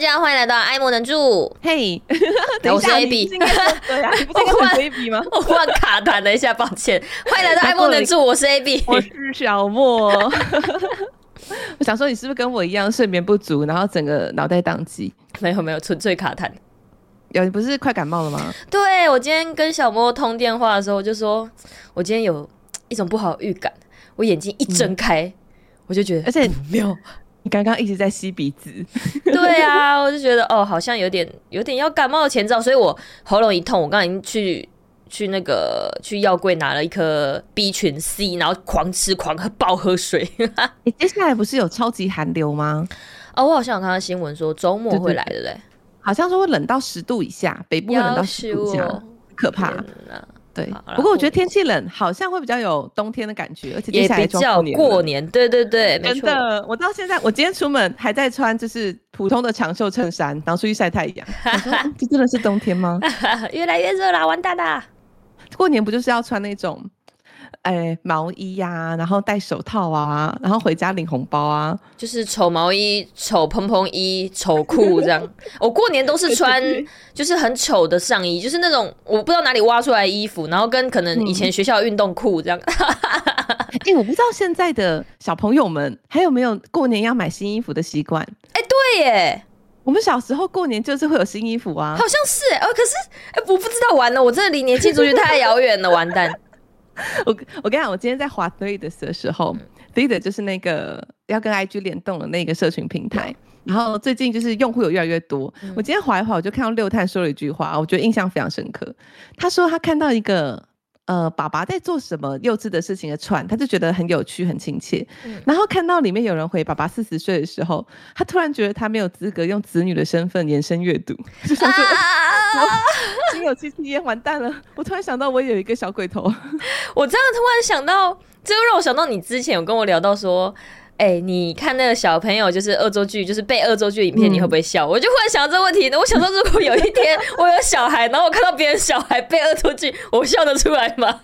大家歡迎來到愛莫能助。嘿，等一下，我是 A B，對呀、啊，這 個是 A B 嗎？我，換 我換卡彈了一下，抱歉。 歡迎來到愛莫能助，我是 A B，我是小莫。 我想說，你是不是跟我一樣睡眠不足，然後整個腦袋宕機？沒有沒有，純粹卡彈。有，你不是快感冒了嗎？對，我今天跟小莫通電話的時候，我就說我今天有一種不好的預感，我眼睛一睜開、嗯，我就覺得，而且不、嗯、沒有。你剛剛一直在吸鼻子。 對啊，我就覺得哦，好像有點有點要感冒的前兆，所以我喉嚨一痛，我剛剛已經去去那個去藥櫃拿了一顆 B 群 C，然後狂吃狂喝暴喝水。你、 欸、接下來不是有超級寒流嗎？哦，我好像有看到新聞說周末會來的嘞，好像說會冷到十度以下，北部會冷到十度以下，可怕。對，不過我覺得天氣冷，好像會比較有冬天的感覺，而且接下來也比較過年。對對對，真的，我到現在我今天出門還在穿就是普通的長袖襯衫，然後出去曬太陽，這、 嗯、真的是冬天嗎？ 越來越熱了，完蛋了！過年不就是要穿那種？哎、欸，毛衣呀、啊，然後戴手套啊，然後回家領紅包啊，就是醜毛衣、醜蓬蓬衣、醜褲這樣。我過年都是穿，就是很醜的上衣，就是那種我不知道哪裡挖出來的衣服，然後跟可能以前學校的運動褲這樣。哎、嗯 欸，我不知道現在的小朋友們還有沒有過年要買新衣服的習慣？哎、欸，對耶，我們小時候過年就是會有新衣服啊，好像是、欸、哦。可是哎、欸，我不知道，完了，我真的離年輕族群太遙遠了， 完蛋。 我我跟你講，我今天在滑 Threads 的的時候，Threads、嗯、就是那個要跟 IG 聯動的那個社群平台。嗯、然後最近就是用戶有越來越多。嗯、我今天滑一滑，我就看到六探說了一句話，我覺得印象非常深刻。他說他看到一個呃爸爸在做什麼幼稚的事情的串，他就覺得很有趣很親切、嗯。然後看到裡面有人回爸爸四十歲的時候，他突然覺得他沒有資格用子女的身份延伸閱讀。就想說啊 只有去吸煙，完蛋了！我突然想到，我有一個小鬼頭。我真的突然想到，這又讓我想到你之前有跟我聊到說，哎、欸，你看那個小朋友就是惡作劇，就是被惡作劇影片，你會不會笑？嗯、我就忽然想到這問題，我想說，如果有一天我有小孩， 然後我看到別人小孩被惡作劇，我笑得出來嗎？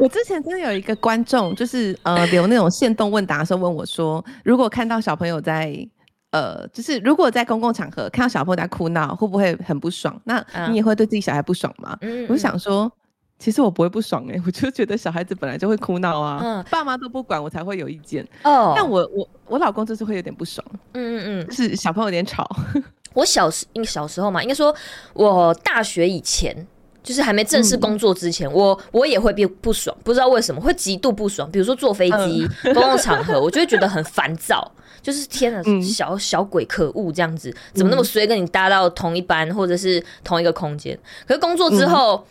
我之前真的有一個觀眾，就是呃，比如那種限動問答的時候問我說，如果看到小朋友在。呃，就是如果在公共場合看到小朋友在哭鬧，會不會很不爽？那你也會對自己小孩不爽嗎？嗯、我想說、嗯嗯，其實我不會不爽哎、欸，我就覺得小孩子本來就會哭鬧啊，嗯嗯、爸媽都不管我才會有意見。哦，但我我我老公就是會有點不爽，嗯嗯嗯，就是小朋友有點吵。嗯嗯、 我小時因為小時候嘛，應該說我大學以前。就是還沒正式工作之前，嗯、我我也會變不爽，不知道為什麼會極度不爽。比如說坐飛機、公、嗯、共場合，我就會覺得很煩躁。 就是天啊，小小鬼可惡這樣子，怎麼那麼衰，跟你搭到同一班或者是同一個空間？可是工作之後、嗯，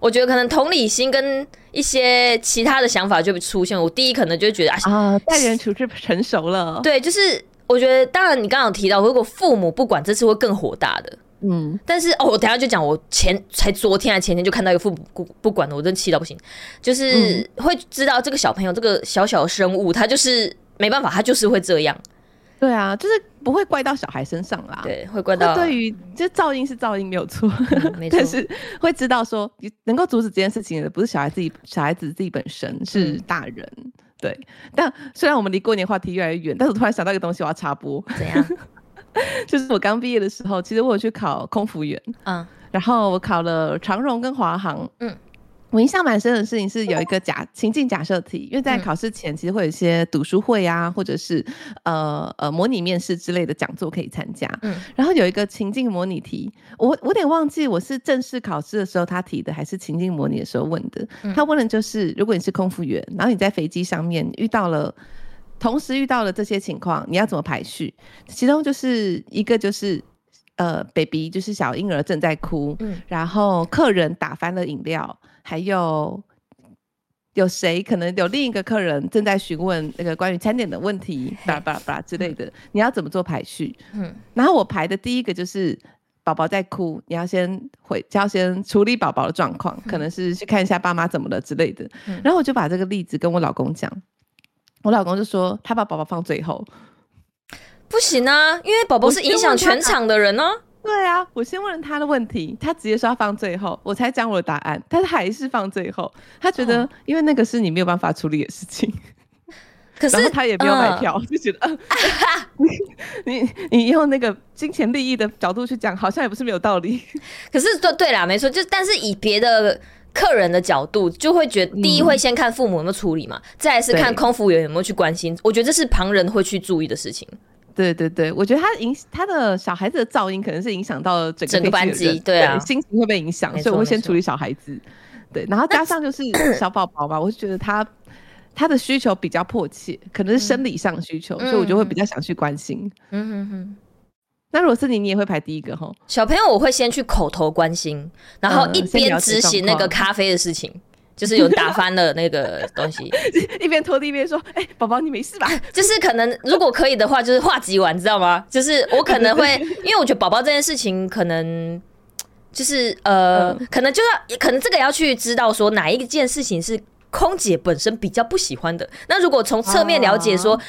我覺得可能同理心跟一些其他的想法就會出現。我第一可能就會覺得啊，大、啊、人處置不成熟了。對，就是我覺得，當然你剛剛有提到，如果父母不管，這次會更火大的。嗯，但是哦，我等一下就講，我前才昨天還前天就看到一個父母不不管了，我真氣到不行，就是會知道這個小朋友，嗯、這個小小生物，他就是沒辦法，他就是會這樣。對啊，就是不會怪到小孩身上啦。對，會怪到。那對於就噪音是噪音沒有錯，嗯、 但是會知道說，能夠阻止這件事情的不是小孩自己，小孩子自己本身、嗯、是大人。對，但雖然我們離過年話題越來越遠，但是我突然想到一個東西，我要插播。怎樣？ 就是我剛畢業的時候，其實我有去考空服員，嗯，然後我考了長榮跟華航，嗯，我印象蠻深的事情是有一個假情境假設題，嗯，因為在考試前其實會有一些讀書會啊，或者是呃呃模擬面試之類的講座可以參加，嗯，然後有一個情境模擬題，我我有點忘記我是正式考試的時候他提的，還是情境模擬的時候問的，嗯，他問的就是如果你是空服員，然後你在飛機上面遇到了。同時遇到了這些情況，你要怎麼排序？其中就是一個就是，呃，baby 就是小嬰兒正在哭，嗯，然後客人打翻了飲料，還有有誰可能有另一個客人正在詢問那個關於餐點的問題，叭叭叭之類的，嘿嘿，你要怎麼做排序？嗯，然後我排的第一個就是寶寶在哭，你要先回就要先處理寶寶的狀況，嗯，可能是去看一下爸媽怎麼了之類的，嗯。然後我就把這個例子跟我老公講。我老公就說他把寶寶放最後，不行啊，因為寶寶是影響全場的人呢、啊。對啊，我先問他的問題，他直接說放最後，我才講我的答案，他還是放最後。他覺得因為那個是你沒有辦法處理的事情，可、哦、是 他也沒有買票、呃、 就覺得，呃、 你你你用那個金錢利益的角度去講，好像也不是沒有道理。 可是對啦，沒錯，就但是以別的。客人的角度就會覺得，第一會先看父母有沒有處理嘛，嗯、再是看空服員有沒有去關心。我覺得這是旁人會去注意的事情。對對對，我覺得他影他的小孩子的噪音可能是影響到整個，整個班機，對啊對，心情會被影響，所以我會先處理小孩子。對，然後加上就是小寶寶吧。我就覺得他 他的需求比較迫切，可能是生理上的需求，嗯、所以我就會比較想去關心。嗯哼哼。嗯嗯嗯那如果是你，你也會排第一個哈？小朋友，我會先去口頭關心，然後一邊執行那個咖啡的事情，嗯、就是有打翻了那個東西， 一邊拖地，一邊說：“哎、欸，寶寶，你沒事吧？”就是可能如果可以的話，就是話急完， 知道嗎？就是我可能會， 因為我覺得寶寶這件事情，可能就是呃、嗯，可能就要，可能這個要去知道說哪一件事情是空姐本身比較不喜歡的。那如果從側面了解說。啊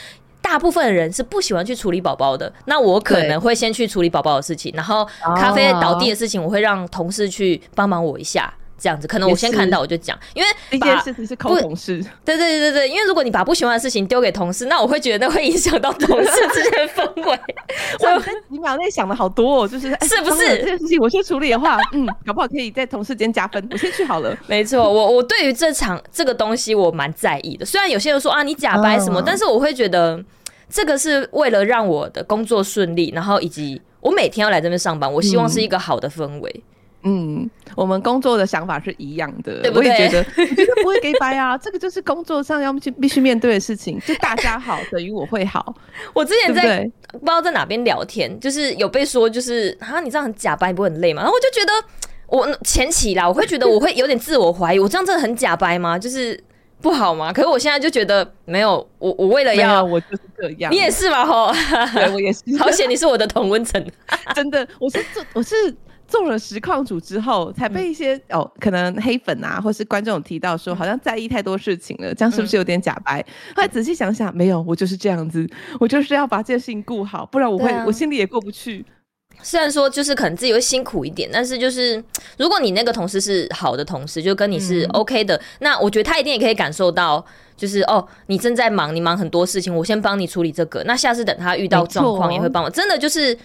大部分人是不喜歡去處理寶寶的，那我可能會先去處理寶寶的事情，然後咖啡倒地的事情，我會讓同事去幫忙我一下，這樣子。可能我先看到我就講，因為把這件事情是靠同事。對對對對對，因為如果你把不喜歡的事情丟給同事，那我會覺得會影響到同事之間的氛圍。 我很幾秒內想的好多，哦，就是、欸、是不是剛剛這件事情我去處理的話，嗯，搞不好可以在同事間加分。 我先去好了。沒錯，我我對於這場這個東西我蠻在意的，雖然有些人說啊你假掰什麼，啊，但是我會覺得。這個是為了讓我的工作順利，然後以及我每天要來這邊上班，嗯，我希望是一個好的氛圍。嗯，我們工作的想法是一樣的，對不對？我也覺得，我覺得不會給掰啊。這個就是工作上要 必須面對的事情，就大家好 等於我會好。我之前在 不知道在哪邊聊天，就是有被說就是啊，你這樣很假掰，不會很累嗎？然後我就覺得我前期啦，我會覺得我會有點自我懷疑， 我這樣真的很假掰嗎？就是。不好嗎？可是我現在就覺得沒有我，我為了要我就是這樣，你也是吧吼？哈，我也是， 好險你是我的同溫層，真的，我是做我是做了實況主之後，才被一些、嗯、哦，可能黑粉啊，或是觀眾提到說、嗯，好像在意太多事情了，這樣是不是有點假白？嗯、後來仔細想想，沒有，我就是這樣子，我就是要把這件事情顧好，不然我會、啊、我心裡也過不去。雖然說就是可能自己會辛苦一點，但是就是如果你那個同事是好的同事，就跟你是 OK 的，嗯、那我覺得他一定也可以感受到，就是哦，你正在忙，你忙很多事情，我先幫你處理這個，那下次等他遇到狀況也會幫我。真的就是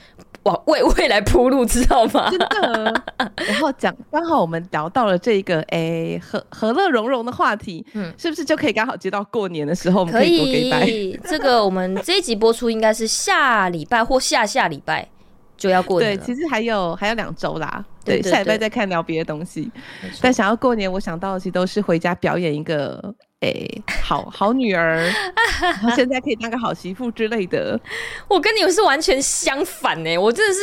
往為未、未來鋪路，知道嗎？真的。然後講，剛好我們聊到了這個哎，和和樂融融的話題，嗯，是不是就可以剛好接到過年的時候我們可以多給拜？可以， 這個我們這一集播出應該是下禮拜或下下禮拜。就要過年，對，其實還有還有兩周啦，對對對對。對，下禮拜再看聊別的東西。但想要過年，我想到的其實都是回家表演一個，哎、欸，好 好女兒， 現在可以當個好媳婦之類的。 我跟你們是完全相反呢、欸，我真的是，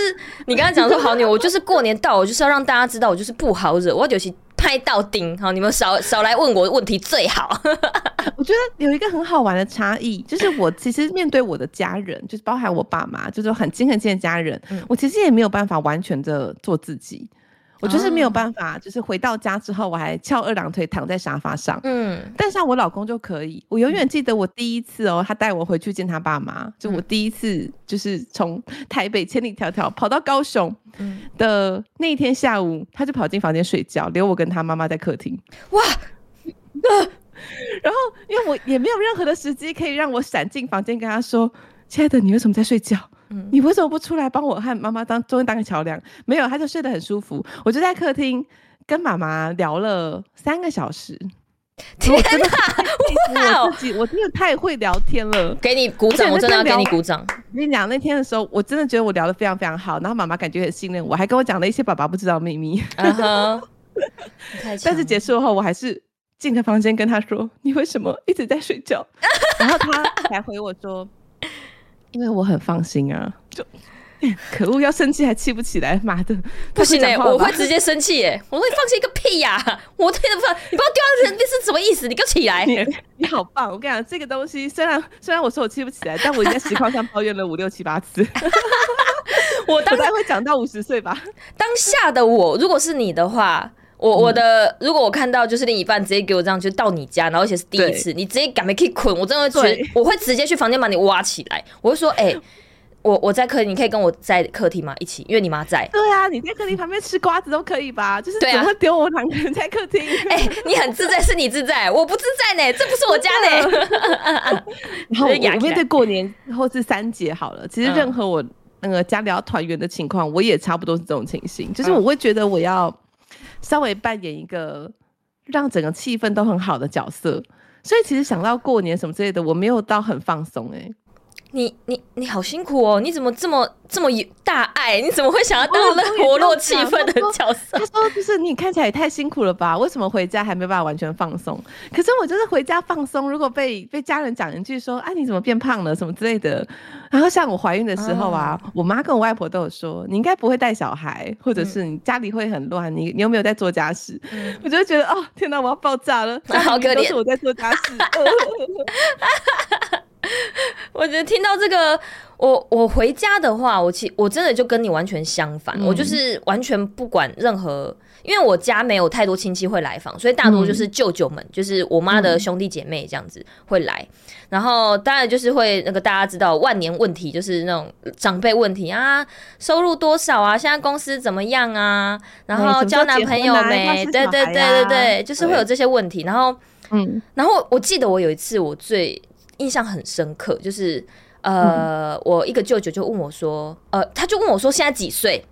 你剛剛講說好女， 我就是過年到，我就是要讓大家知道，我就是不好惹，我就是。嗨到頂，好，你們少少來問我問題最好。 我覺得有一個很好玩的差異，就是我其實面對我的家人， 就是包含我爸媽，就是我很親很親的家人，嗯，我其實也沒有辦法完全的做自己。我就是沒有辦法，啊、就是回到家之後，我還翹二郎腿躺在沙發上。嗯，但像我老公就可以，我永遠記得我第一次哦、喔，他帶我回去見他爸媽，就我第一次就是從台北千里迢迢跑，跑到高雄的那一天下午，他就跑進房間睡覺，留我跟他媽媽在客廳。哇， 那然後因為我也沒有任何的時機可以讓我閃進房間跟他說：“親愛的，你為什麼在睡覺？”嗯、你為什麼不出來幫我和媽媽當中間當個橋梁？沒有，他就睡得很舒服。我就在客廳跟媽媽聊了三個小時。天哪、啊哦！我太……我真的太會聊天了。給你鼓掌！我真的要給你鼓掌。我跟你講，那天的時候，我真的覺得我聊得非常非常好。然後媽媽感覺很信任我，還跟我講了一些爸爸不知道秘密。啊、uh、哈 -huh！ 但是結束後，我還是進他房間跟他說：“你為什麼一直在睡覺？” 然後他才回我說。 因為我很放心啊，就可惡，要生氣還氣不起來，媽的好不好，不行哎、欸，我會直接生氣、欸、我會放心個屁呀，、啊，我的不哪，你不知道丟人是是什麼意思， 你給我起來你，你好棒，我跟你講，這個東西雖然雖然我說我氣不起來，但我已經在實況上抱怨了五六七八次， 我大概會講到五十歲吧。當下的我，如果是你的話。我我的，嗯，如果我看到就是另一半直接給我這樣，就是，到你家，然後而且是第一次，你直接趕沒可以捆，我真的覺得我會直接去房間把，把你挖起來，我會說，哎，欸，我我在客，你可以跟我在客廳嗎？一起，因為你媽在。對啊，你在客廳旁邊吃瓜子都可以吧？ 就是怎麼會丟我兩個人在客廳？哎，啊 欸，你很自在， 是你自在，我不自在呢，這不是我家呢。然 後 我面對過年或是三節好了，其實任何我那個，嗯呃，家裡要團圓的情況，我也差不多是這種情形，嗯，就是我會覺得我要。稍微扮演一個讓整個氣氛都很好的角色，所以其實想到過年什麼之類的，我沒有到很放鬆欸。你你你好辛苦哦，你怎麼這麼這麼大愛？你怎麼會想要當那活絡氣氛的角色？他說：“他說就是你看起來也太辛苦了吧？為什麼回家還沒辦法完全放鬆？可是我就是回家放鬆，如果被被家人講一句說啊，你怎麼變胖了什麼之類的？然後像我懷孕的時候啊，哦、我媽跟我外婆都有說，你應該不會帶小孩，或者是你家裡會很亂，你你有沒有在做家事？嗯、我就會覺得哦，天哪，我要爆炸了！好可憐，都是我在做家事。啊” 我覺得聽到這個，我我回家的話，我其我真的就跟你完全相反，嗯，我就是完全不管任何，因為我家沒有太多親戚會來訪，所以大多就是舅舅們，嗯、就是我媽的兄弟姐妹這樣子會來，嗯，然後當然就是會那個大家知道萬年問題，就是那種長輩問題啊，收入多少啊，現在公司怎麼樣啊，然後交男朋友沒？啊啊、對對對對對，就是會有這些問題，然後嗯，然後我記得我有一次我最。印象很深刻，就是呃、嗯，我一個舅舅就問我說，呃，他就問我說，現在幾歲？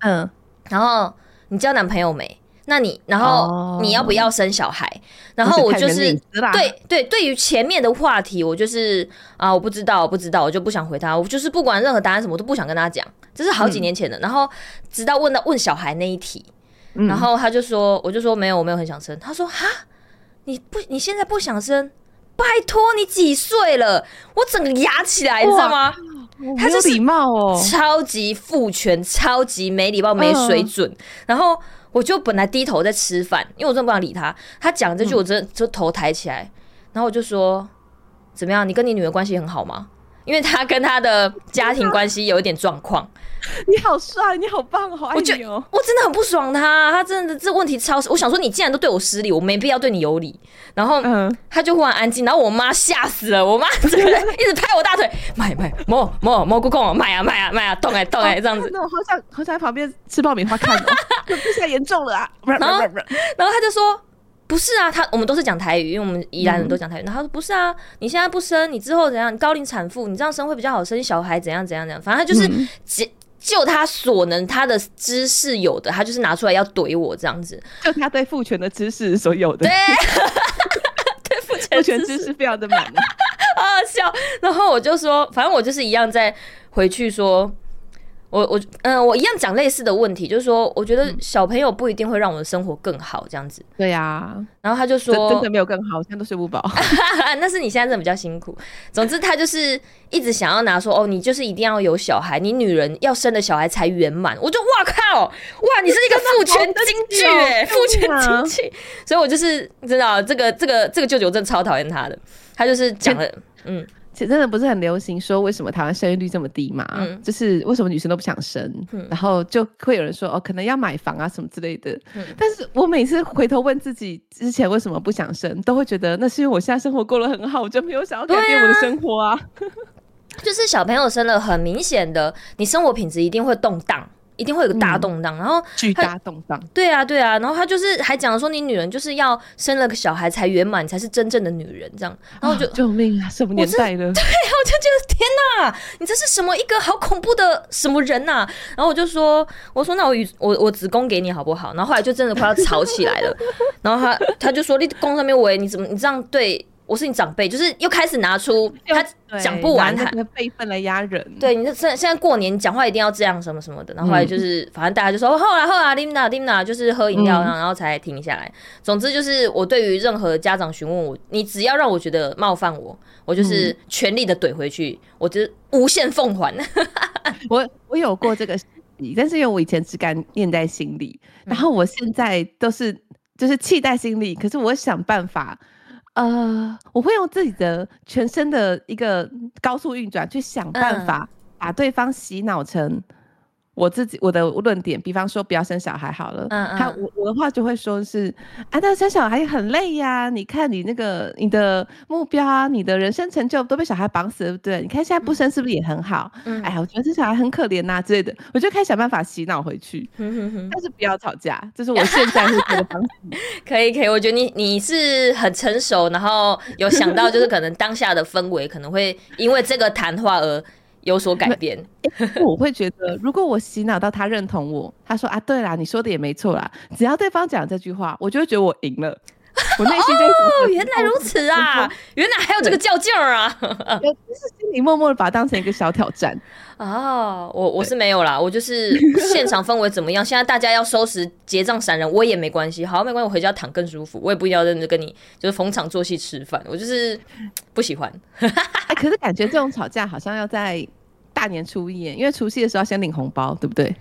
嗯，然後你交男朋友沒？那你，然後、哦、你要不要生小孩？然後我就是對、啊、對，對於前面的話題，我就是啊，我不知道，我不知道，我不知道，我就不想回他。我就是不管任何答案什麼，我都不想跟他講，這是好幾年前的。嗯、然後直到問到問小孩那一題、嗯，然後他就說，我就說沒有，我沒有很想生。他說哈，你不你現在不想生？拜託，你幾歲了？我整個牙起來，你知道嗎？沒有禮貌哦，超級父權，超級沒禮貌，沒水準、嗯。然後我就本來低頭在吃飯，因為我真的不想理他。他講這句，我真的就頭抬起來、嗯，然後我就說：“怎麼樣？你跟你女兒關係很好嗎？”因為他跟他的家庭關係有一點狀況。你好帥，你好棒，好愛你哦！我真的很不爽他，他真的這問題超。 我想說，你既然都對我失禮，我沒必要對你有禮。然後他就忽然安靜，然後我媽嚇死了，我媽就是一直拍我大腿，買買蘑蘑蘑菇貢，買啊買啊買啊，動哎動哎這樣子。那我好想好想在旁邊吃爆米花看。哈哈哈哈這下嚴重了啊！不是然後他就說。不是啊，他我們都是講台語，因為我們宜蘭人都講台語。嗯、然後他說不是啊，你現在不生，你之後怎樣？高齡產婦，你這樣生會比較好生小孩，怎樣怎樣怎樣？反正他就是、嗯、就他所能，他的知識有的，他就是拿出來要懟我這樣子，就他對父權的知識所有的。對， 對父權知識非常的滿好好笑。然後我就說，反正我就是一樣再回去說。我我，嗯，我一樣講類似的問題，就是說，我覺得小朋友不一定會讓我的生活更好，這樣子。嗯、對呀、啊，然後他就說真，真的沒有更好，現在都睡不飽，那 是你現在真的比較辛苦。總之，他就是一直想要拿說，哦，你就是一定要有小孩，你女人要生的小孩才圓滿。我就哇靠，哇，你是一個父權金句，父權 金句。所以我就是你知道這個這個這個舅舅，我真的超討厭他的，他就是講了，嗯。其實真的不是很流行說為什麼台灣生育率這麼低嘛、嗯？就是為什麼女生都不想生，嗯、然後就會有人說哦，可能要買房啊什麼之類的、嗯。但是我每次回頭問自己之前為什麼不想生，都會覺得那是因為我現在生活過得很好，我就沒有想要改變我的生活啊。啊 就是小朋友生了，很明顯的，你生活品質一定會動盪。一定會有個大動盪、嗯，然後巨大動盪，對啊對啊，然後他就是還講說你女人就是要生了個小孩才圓滿，你才是真正的女人這樣，然後我就、啊、救命啊，什麼年代了？對，啊，我就覺得天哪，你這是什麼一個好恐怖的什麼人吶、啊？然後我就說，我說那我我我我子宮給你好不好？然後後來就真的快要吵起來了， 然後他他就說你宮上面我你怎麼你這樣對？我是你長輩，就是又開始拿出他講不完的輩分來壓人。對，你就現現在過年講話一定要這樣什麼什麼的，然後後來就是、嗯、反正大家就說好啦好啦叮當叮當，就是喝飲料，然後才停下來。嗯、總之就是我對於任何家長詢問我，你只要讓我覺得冒犯我，我就是全力的懟回去，我就是無限奉還。 我我有過這個，但是因為我以前只敢念在心裡、嗯，然後我現在都是就是氣在心裡，可是我想辦法。呃，我會用自己的全身的一個高速運轉去想辦法把、嗯，把對方洗腦成。我自己我的論點，比方說不要生小孩好了，嗯嗯，他我我的話就會說是，啊那生小孩很累呀，啊，你看你那個你的目標啊，你的人生成就都被小孩綁死了，對不對？你看現在不生是不是也很好？嗯，哎呀，我覺得生小孩很可憐吶，啊、之類的，我就開始想辦法洗腦回去，嗯哼哼。但是不要吵架，就是我現在是這個方式。 可以可以，我覺得你你是很成熟，然後有想到就是可能當下的氛圍 可能會因為這個談話而。有所改變、嗯欸，我會覺得，如果我洗腦到他認同我， 他說啊，對啦，你說的也沒錯啦，只要對方講這句話，我就會覺得我贏了。我內心就…… 哦，原來如此啊！原來還有這個較勁兒啊！我就是心裡默默的把它當成一個小挑戰啊！我我是沒有啦，我就是現場氛圍怎麼樣？ 現在大家要收拾結賬閃人，我也沒關係，好沒關係，我回家躺更舒服，我也不一定要認真跟你就是逢場作戲吃飯，我就是不喜歡 、欸。可是感覺這種吵架好像要在大年初一，因為除夕的時候要先領紅包，對不對？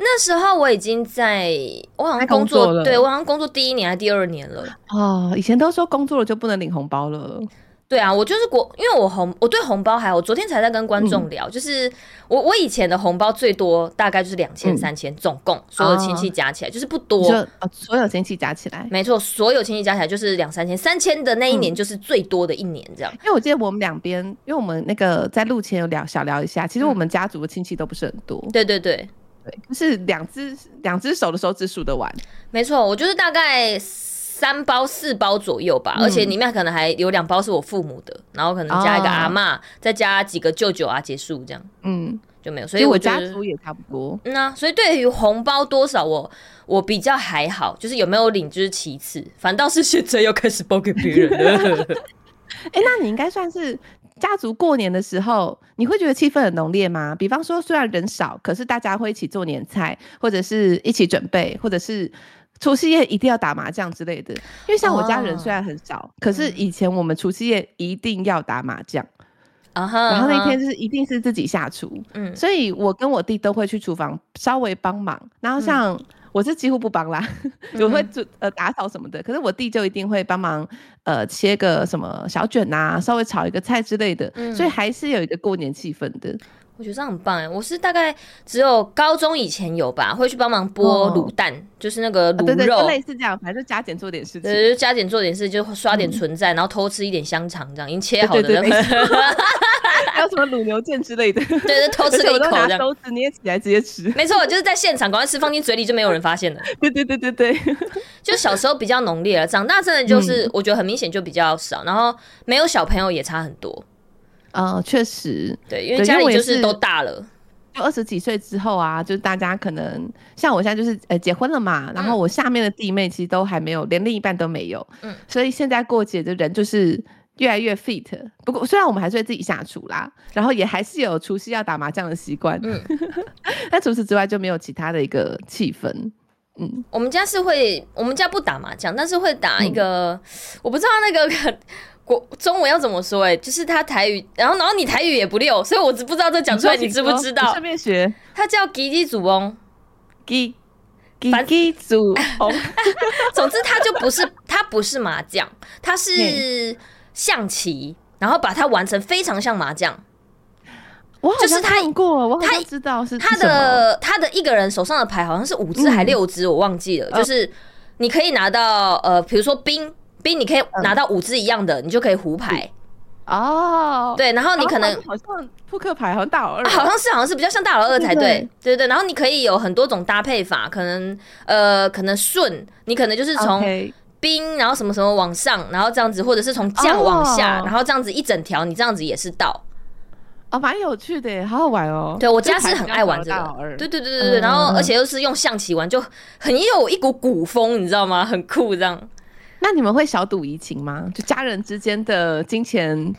那時候我已經在，我好像工作，工作了，對，我好像工作第一年還是第二年了哦，以前都說工作了就不能領紅包了，對啊，我就是國，因為我紅我對紅包還好，我昨天才在跟觀眾聊、嗯，就是我我以前的紅包最多大概就是兩千、嗯、三千，總共所有親戚加起來、哦就是哦、親戚加起來就是不多，所有親戚加起來沒錯，所有親戚加起來就是兩三千，三千的那一年就是最多的一年這樣。嗯、因為我記得我們兩邊，因為我們那個在路前有聊小聊一下，其實我們家族的親戚都不是很多，嗯、對對對。對，是兩隻兩隻手的手指，數的完。沒錯，我就是大概三包四包左右吧、嗯，而且裡面可能還有兩包是我父母的，然後可能加一個阿嬤，哦啊，再加幾個舅舅啊，結束這樣。嗯，就沒有。所以我，覺得，我家族也差不多。嗯、啊、所以對於紅包多少我，我我比較還好，就是有沒有領就是其次，反倒是現在又開始包給別人了。哎、 欸，那你應該算是。家族過年的時候，你會覺得氣氛很濃烈嗎？比方說，雖然人少，可是大家會一起做年菜，或者是一起準備，或者是除夕夜一定要打麻將之類的。因為像我家人雖然很少，哦、可是以前我們除夕夜一定要打麻將、嗯。然後那一天就是一定是自己下廚、嗯。所以我跟我弟都會去廚房稍微幫忙。然後像。嗯我是幾乎不幫啦，只、嗯、 會做呃打掃什麼的，可是我弟就一定會幫忙，呃切個什麼小卷啊，稍微炒一個菜之類的，嗯、所以還是有一個過年氣氛的。我覺得這樣很棒哎，我是大概只有高中以前有吧，會去幫忙剝滷蛋、哦，就是那個滷肉、哦哦、對對對類似這樣，反正加減做點事情，對，對，對，加減做點事，就刷點存在，嗯、然後偷吃一點香腸這樣，已經切好的，那個。對對對 叫什麼滷牛腱之類的， 對，是偷吃一口這樣，手指捏起來直接吃，沒錯，就是在現場，趕快吃，放進嘴裡就沒有人發現了。 對對對對對，對，就小時候比較濃烈了，長大真的就是、嗯、我覺得很明顯就比較少，然後沒有小朋友也差很多啊，確、嗯、實，對，因為家裡就是都大了，二十幾歲之後啊，就是大家可能像我現在就是呃、欸、結婚了嘛、嗯，然後我下面的弟妹其實都還沒有，連另一半都沒有，嗯，所以現在過節的人就是。越來越 fit，不過雖然我們還是會自己下廚啦，然後也還是有除夕要打麻將的習慣，嗯，那 除此之外就沒有其他的一個氣氛，嗯，我們家是會，我們家不打麻將，但是會打一個，嗯，我不知道那個國中文要怎麼說哎，欸，就是他台語，然後然後你台語也不溜，所以我只不知道這講出來你知，你知不知道？上面學，他叫吉吉祖翁，吉吉，吉祖翁， 總之他就不是他不是麻將，他是，嗯。象棋，然後把它玩成非常像麻將。就是他過，我他知道是他的他的一個人手上的牌好像是五隻還六隻、嗯，我忘記了、嗯。就是你可以拿到呃，比如說兵兵，你可以拿到五隻一樣的、嗯，你就可以胡牌、嗯。哦，對，然後你可能好像撲克牌好像大老二，好像是好像是比較像大老二才對，對對、對、對、對對。然後你可以有很多種搭配法，可能呃，可能順，你可能就是從。Okay. 兵，然後什麼什麼往上，然後這樣子，或者是從將往下，oh. 然後這樣子一整條，你這樣子也是倒，啊、oh,，蠻有趣的耶，好好玩哦。對我家是很愛玩這個，對對對對對對，嗯、然後而且又是用象棋玩，就很有一股古風，你知道嗎？很酷這樣。那你們會小賭怡情嗎？就家人之間的金錢？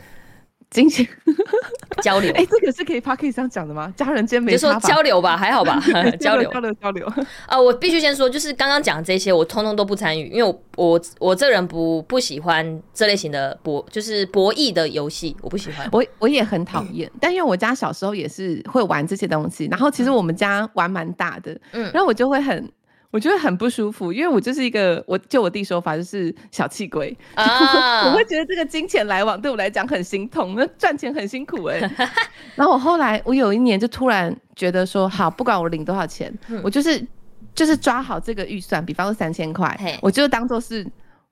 進行 交流，哎、欸，這個是可以趴 K 上講的嗎？家人間沒法。就是、說交流吧， 還好吧 交，交流交流交流。啊、呃，我必須先說，就是剛剛講這些，我通通都不參與，因為我我我這人不不喜歡這類型的博，就是博弈的遊戲，我不喜歡。我我也很討厭、嗯，但因為我家小時候也是會玩這些東西，然後其實我們家玩蠻大的，嗯，然後我就會很。我覺得很不舒服，因為我就是一個，我就我弟說法就是小氣鬼，Oh. 我會覺得這個金錢來往對我來講很心痛，那賺錢很辛苦，欸、 然後我後來我有一年就突然覺得說，好，不管我領多少錢，嗯、我就是就是抓好這個預算，比方說三千塊，Hey. 我就當做是。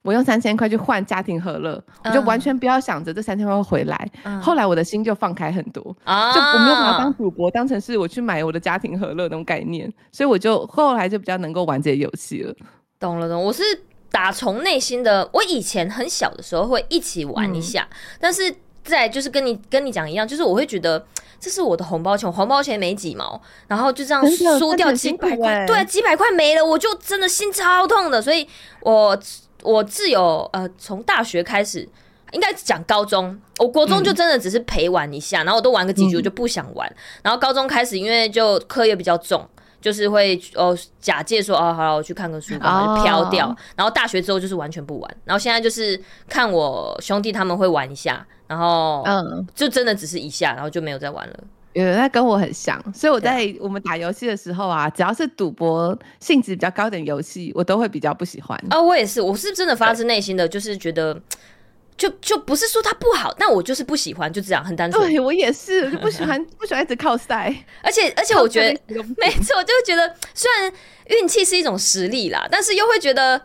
我用三千塊去換家庭和樂，啊，我就完全不要想着這三千塊會回來啊。後來我的心就放開很多，啊，就我沒有把它當賭博，當成是我去買我的家庭和樂那種概念。所以我就後來就比較能夠玩這些遊戲了。懂了懂，我是打從內心的。我以前很小的時候會一起玩一下，嗯，但是在就是跟你跟你講一樣，就是我會覺得這是我的紅包錢，紅包錢沒幾毛，然後就這樣輸掉幾百塊，欸，對，啊，幾百塊沒了，我就真的心超痛的，所以我。我自有呃，從大學開始，應該講高中，我、哦、國中就真的只是陪玩一下，嗯、然後我都玩個幾局我就不想玩、嗯。然後高中開始，因為就課業比較重，就是會哦假借說哦好啦，我去看個書吧，然後就飄掉、哦。然後大學之後就是完全不玩，然後現在就是看我兄弟他們會玩一下，然後就真的只是一下，然後就沒有再玩了。有人在跟我很像，所以我在我們打遊戲的時候啊，啊只要是賭博性質比較高等遊戲，我都會比較不喜歡。啊、哦，我也是，我是真的發自內心的就是覺得，就就不是說他不好，但我就是不喜歡，就這樣，很單純。對、哎，我也是，就不喜歡 不喜歡一直靠賽，而且而且我覺得沒錯，我就覺得雖然運氣是一種實力啦， 但是又會覺得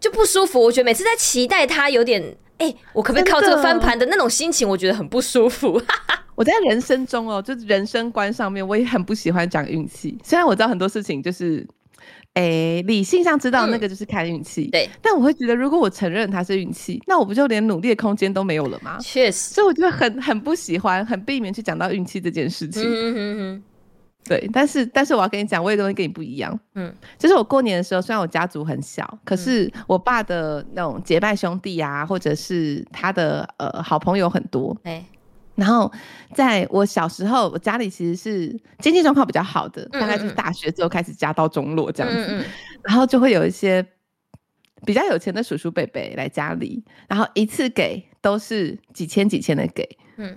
就不舒服。我覺得每次在期待他有點哎、欸，我可不可以靠這個翻盤的那種心情，我覺得很不舒服。哈哈。我在人生中哦、喔，就人生觀上面，我也很不喜歡講運氣。雖然我知道很多事情就是，誒、欸，理性上知道那個就是看運氣、嗯，對。但我會覺得，如果我承認它是運氣，那我不就連努力的空間都沒有了嗎？確實。所以我就很很不喜歡，很避免去講到運氣這件事情。嗯嗯嗯嗯、對，但是但是我要跟你講，我有東西跟你不一樣。嗯。就是我過年的時候，雖然我家族很小，可是我爸的那種結拜兄弟啊，或者是他的呃好朋友很多。欸然後，在我小時候，我家裡其實是經濟狀況比較好的，嗯嗯，大概就是大學之後開始家道中落這樣子。嗯嗯，然後就會有一些比較有錢的叔叔伯伯來家裡，然後一次給都是幾千幾千的給，嗯，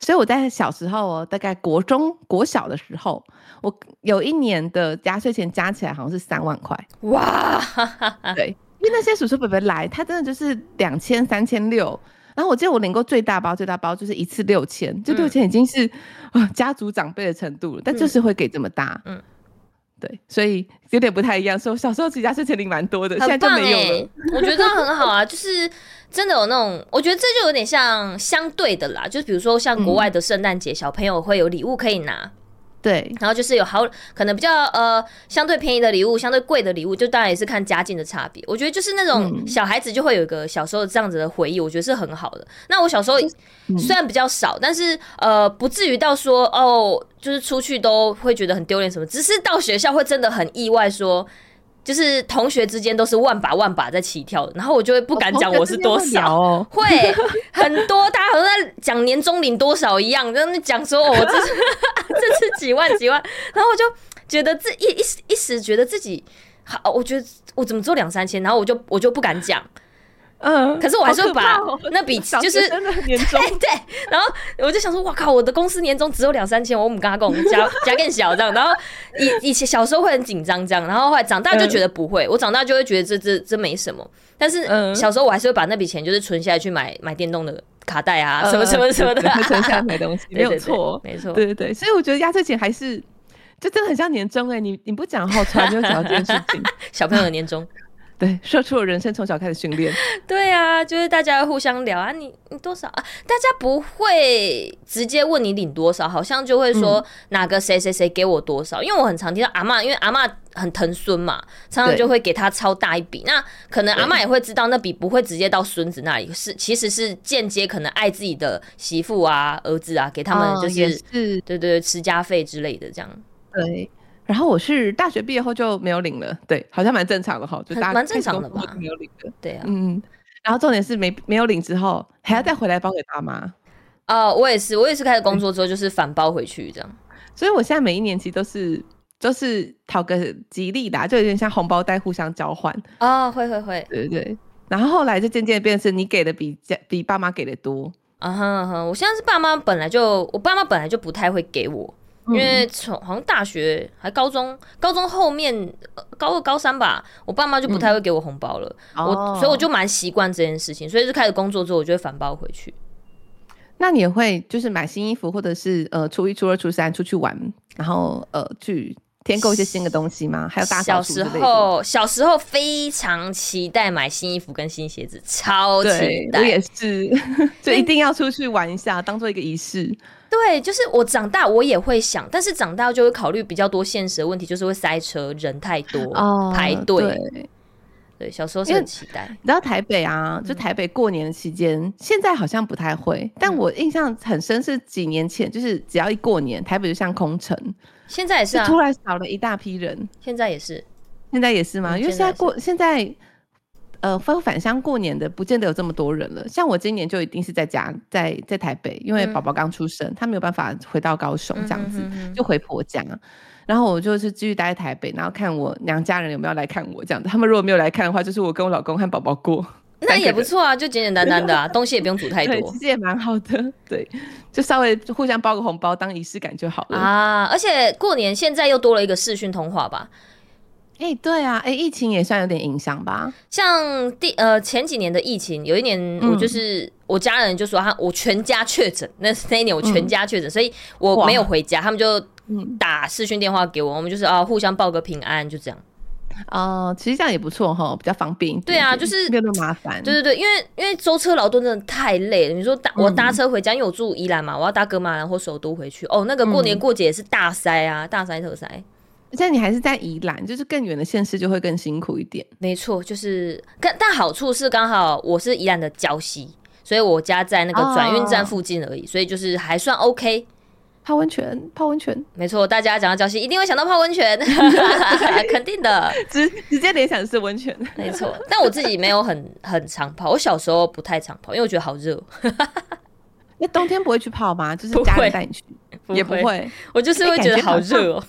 所以我在小時候哦，大概國中國小的時候，我有一年的壓歲錢加起來好像是三萬塊，哇， 對，因為那些叔叔伯伯來，他真的就是兩千三千六。然後我記得我領過最大包，最大包就是一次六千，這六千已經是、嗯、家族長輩的程度了，但就是會給這麼大。嗯，嗯對，所以有點不太一樣。說小時候自己家是錢領蠻多的，欸、現在都沒有了。我覺得這樣很好啊， 就是真的有那種，我覺得這就有點像相對的啦。就是、比如說像國外的聖誕節、嗯，小朋友會有禮物可以拿。對，然後就是有好可能比較呃相對便宜的禮物，相對貴的禮物，就當然也是看家境的差別。我覺得就是那種小孩子就會有一個小時候這樣子的回憶，我覺得是很好的。那我小時候雖然比較少，但是呃不至於到說哦，就是出去都會覺得很丟臉什麼，只是到學校會真的很意外說。就是同學之間都是萬把萬把在起跳的，然後我就會不敢講我是多少，哦喔、 會很多，大家好像在講年終領多少一樣，然後講說哦，我這是這是幾萬幾萬，然後我就覺得這一一時一時覺得自己好，我覺得我怎麼做兩三千，然後我就我就不敢講。嗯，可是我還是會把，嗯喔、那筆就是對對，對，然後我就想說，哇靠，我的公司年終只有兩三千，我母跟他給我們加家更小這樣，然後以以前小時候會很緊張這樣，然後後來長大就覺得不會，我長大就會覺得這這這沒什麼，但是小時候我還是會把那筆錢就是存下來去買買電動的卡帶啊、嗯、什麼什麼什麼的、呃，存下來買東西沒有錯，沒、呃、錯、呃，對對對，所以我覺得壓歲錢還是就真的很像年終誒、欸，你你不講好突然就講到這件事情，小朋友的年終。 對，說出了人生從小開始訓練。 對啊，就是大家互相聊啊，你你多少啊？大家不會直接問你領多少，好像就會說哪個誰誰誰給我多少，嗯。因為我很常聽到阿嬤，因為阿嬤很疼孫嘛，常常就會給他超大一筆。那可能阿嬤也會知道那筆不會直接到孫子那裡，是其實是間接可能愛自己的媳婦啊、兒子啊，給他們就是、哦、是對對對，持家費之類的這樣。對。然後我是大學畢業後就沒有領了，對，好像蠻正常的哈，就大學正常的開始工作沒有領的，對啊，嗯。然後重點是沒沒有領之後，還要再回來包給爸媽、嗯。哦，我也是，我也是開始工作之後就是反包回去這樣，嗯、所以我現在每一年其實都是都、就是討個吉利的，就有點像紅包袋互相交換，哦，會會會，對對。然後後來就漸漸變成是你給的比家比爸媽給的多啊，哼哼，我現在是爸媽本來就我爸媽本來就不太會給我。因為從好像大學還高中，高中後面，呃、高二高三吧，我爸媽就不太會給我紅包了。嗯 oh. 我所以我就蠻習慣這件事情，所以就開始工作之後，我就會反包回去。那你也會就是買新衣服，或者是呃初一、初二、初三出去玩，然後呃去添購一些新的東西嗎？還有大小時候，小時候非常期待買新衣服跟新鞋子，超期待。我也是， 就一定要出去玩一下，嗯、當做一個儀式。對，就是我長大我也會想，但是長大就會考慮比較多現實的問題，就是會塞車，人太多，哦、排隊。對，小時候是很期待。你知道台北啊、嗯，就台北過年的期間，現在好像不太會，但我印象很深是幾年前，嗯、就是只要一過年，台北就像空城。現在也是、啊、突然少了一大批人。現在也是，現在也是嗎？嗯、是因為現在過現在。呃，反返鄉過年的不見得有這麼多人了。像我今年就一定是在家，在在台北，因為寶寶剛出生、嗯，他沒有辦法回到高雄這樣子，嗯、哼哼就回婆家。然後我就是繼續待在台北，然後看我娘家人有沒有來看我這樣子。他們如果沒有來看的話，就是我跟我老公和寶寶過。那也不錯啊，就簡簡單單的啊， 東西也不用煮太多， 對，其實也蠻好的。對，就稍微互相包個紅包當儀式感就好了啊。而且過年現在又多了一個視訊通話吧。哎、欸，對啊，哎、欸，疫情也算有點影響吧。像第呃前幾年的疫情，有一年我就是、嗯、我家人就說他我全家確診、嗯，那是那一年我全家確診，所以我沒有回家，他們就打視訊電話給我，嗯、我們就是啊互相報個平安就這樣。哦、呃，其實這樣也不錯哈，比較方便點點。對啊，就是比較麻煩。對對對，因為因為舟車勞頓真的太累了。你說搭我搭車回家、嗯，因為我住宜蘭嘛，我要搭葛瑪蘭或首都回去，哦，那個過年過節也是大塞啊，嗯、大塞特塞。但你還是在宜蘭，就是更遠的縣市就會更辛苦一點。沒錯，就是但但好處是剛好我是宜蘭的礁溪，所以我家在那個轉運站附近而已，oh. 所以就是還算 OK。泡溫泉，泡溫泉，沒錯，大家講到礁溪，一定會想到泡溫泉， 肯定的，直 直接聯想是溫泉。 沒錯，但我自己沒有很很常泡， 我小時候不太常泡，因為我覺得好熱。那 冬天不會去泡嗎？就是家人帶你去也，也不會，我就是會覺得好熱、喔。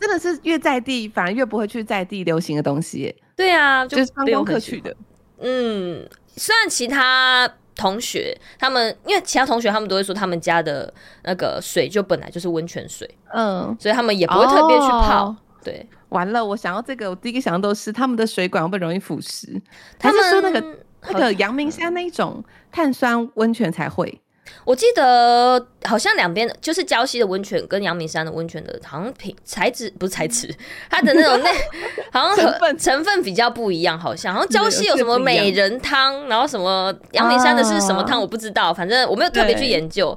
真的是越在地，反而越不會去在地流行的東西。對啊，就不、就是上可課去的。嗯，雖然其他同學他們，因為其他同學他們都會說，他們家的那個水就本來就是溫泉水。嗯，所以他們也不會特別去泡、哦。對，完了，我想要這個，我第一個想到都是他們的水管會不會容易腐蝕？他們說那個那個陽明山那一種碳酸溫泉才會。我記得好像兩邊就是礁溪的溫泉跟陽明山的溫泉的，好像品材質不是材質，它的那種那 好像成分比較不一樣，好像。好像礁溪有什麼美人湯，然後什麼陽明山的是什麼湯，我不知道、啊，反正我沒有特別去研究。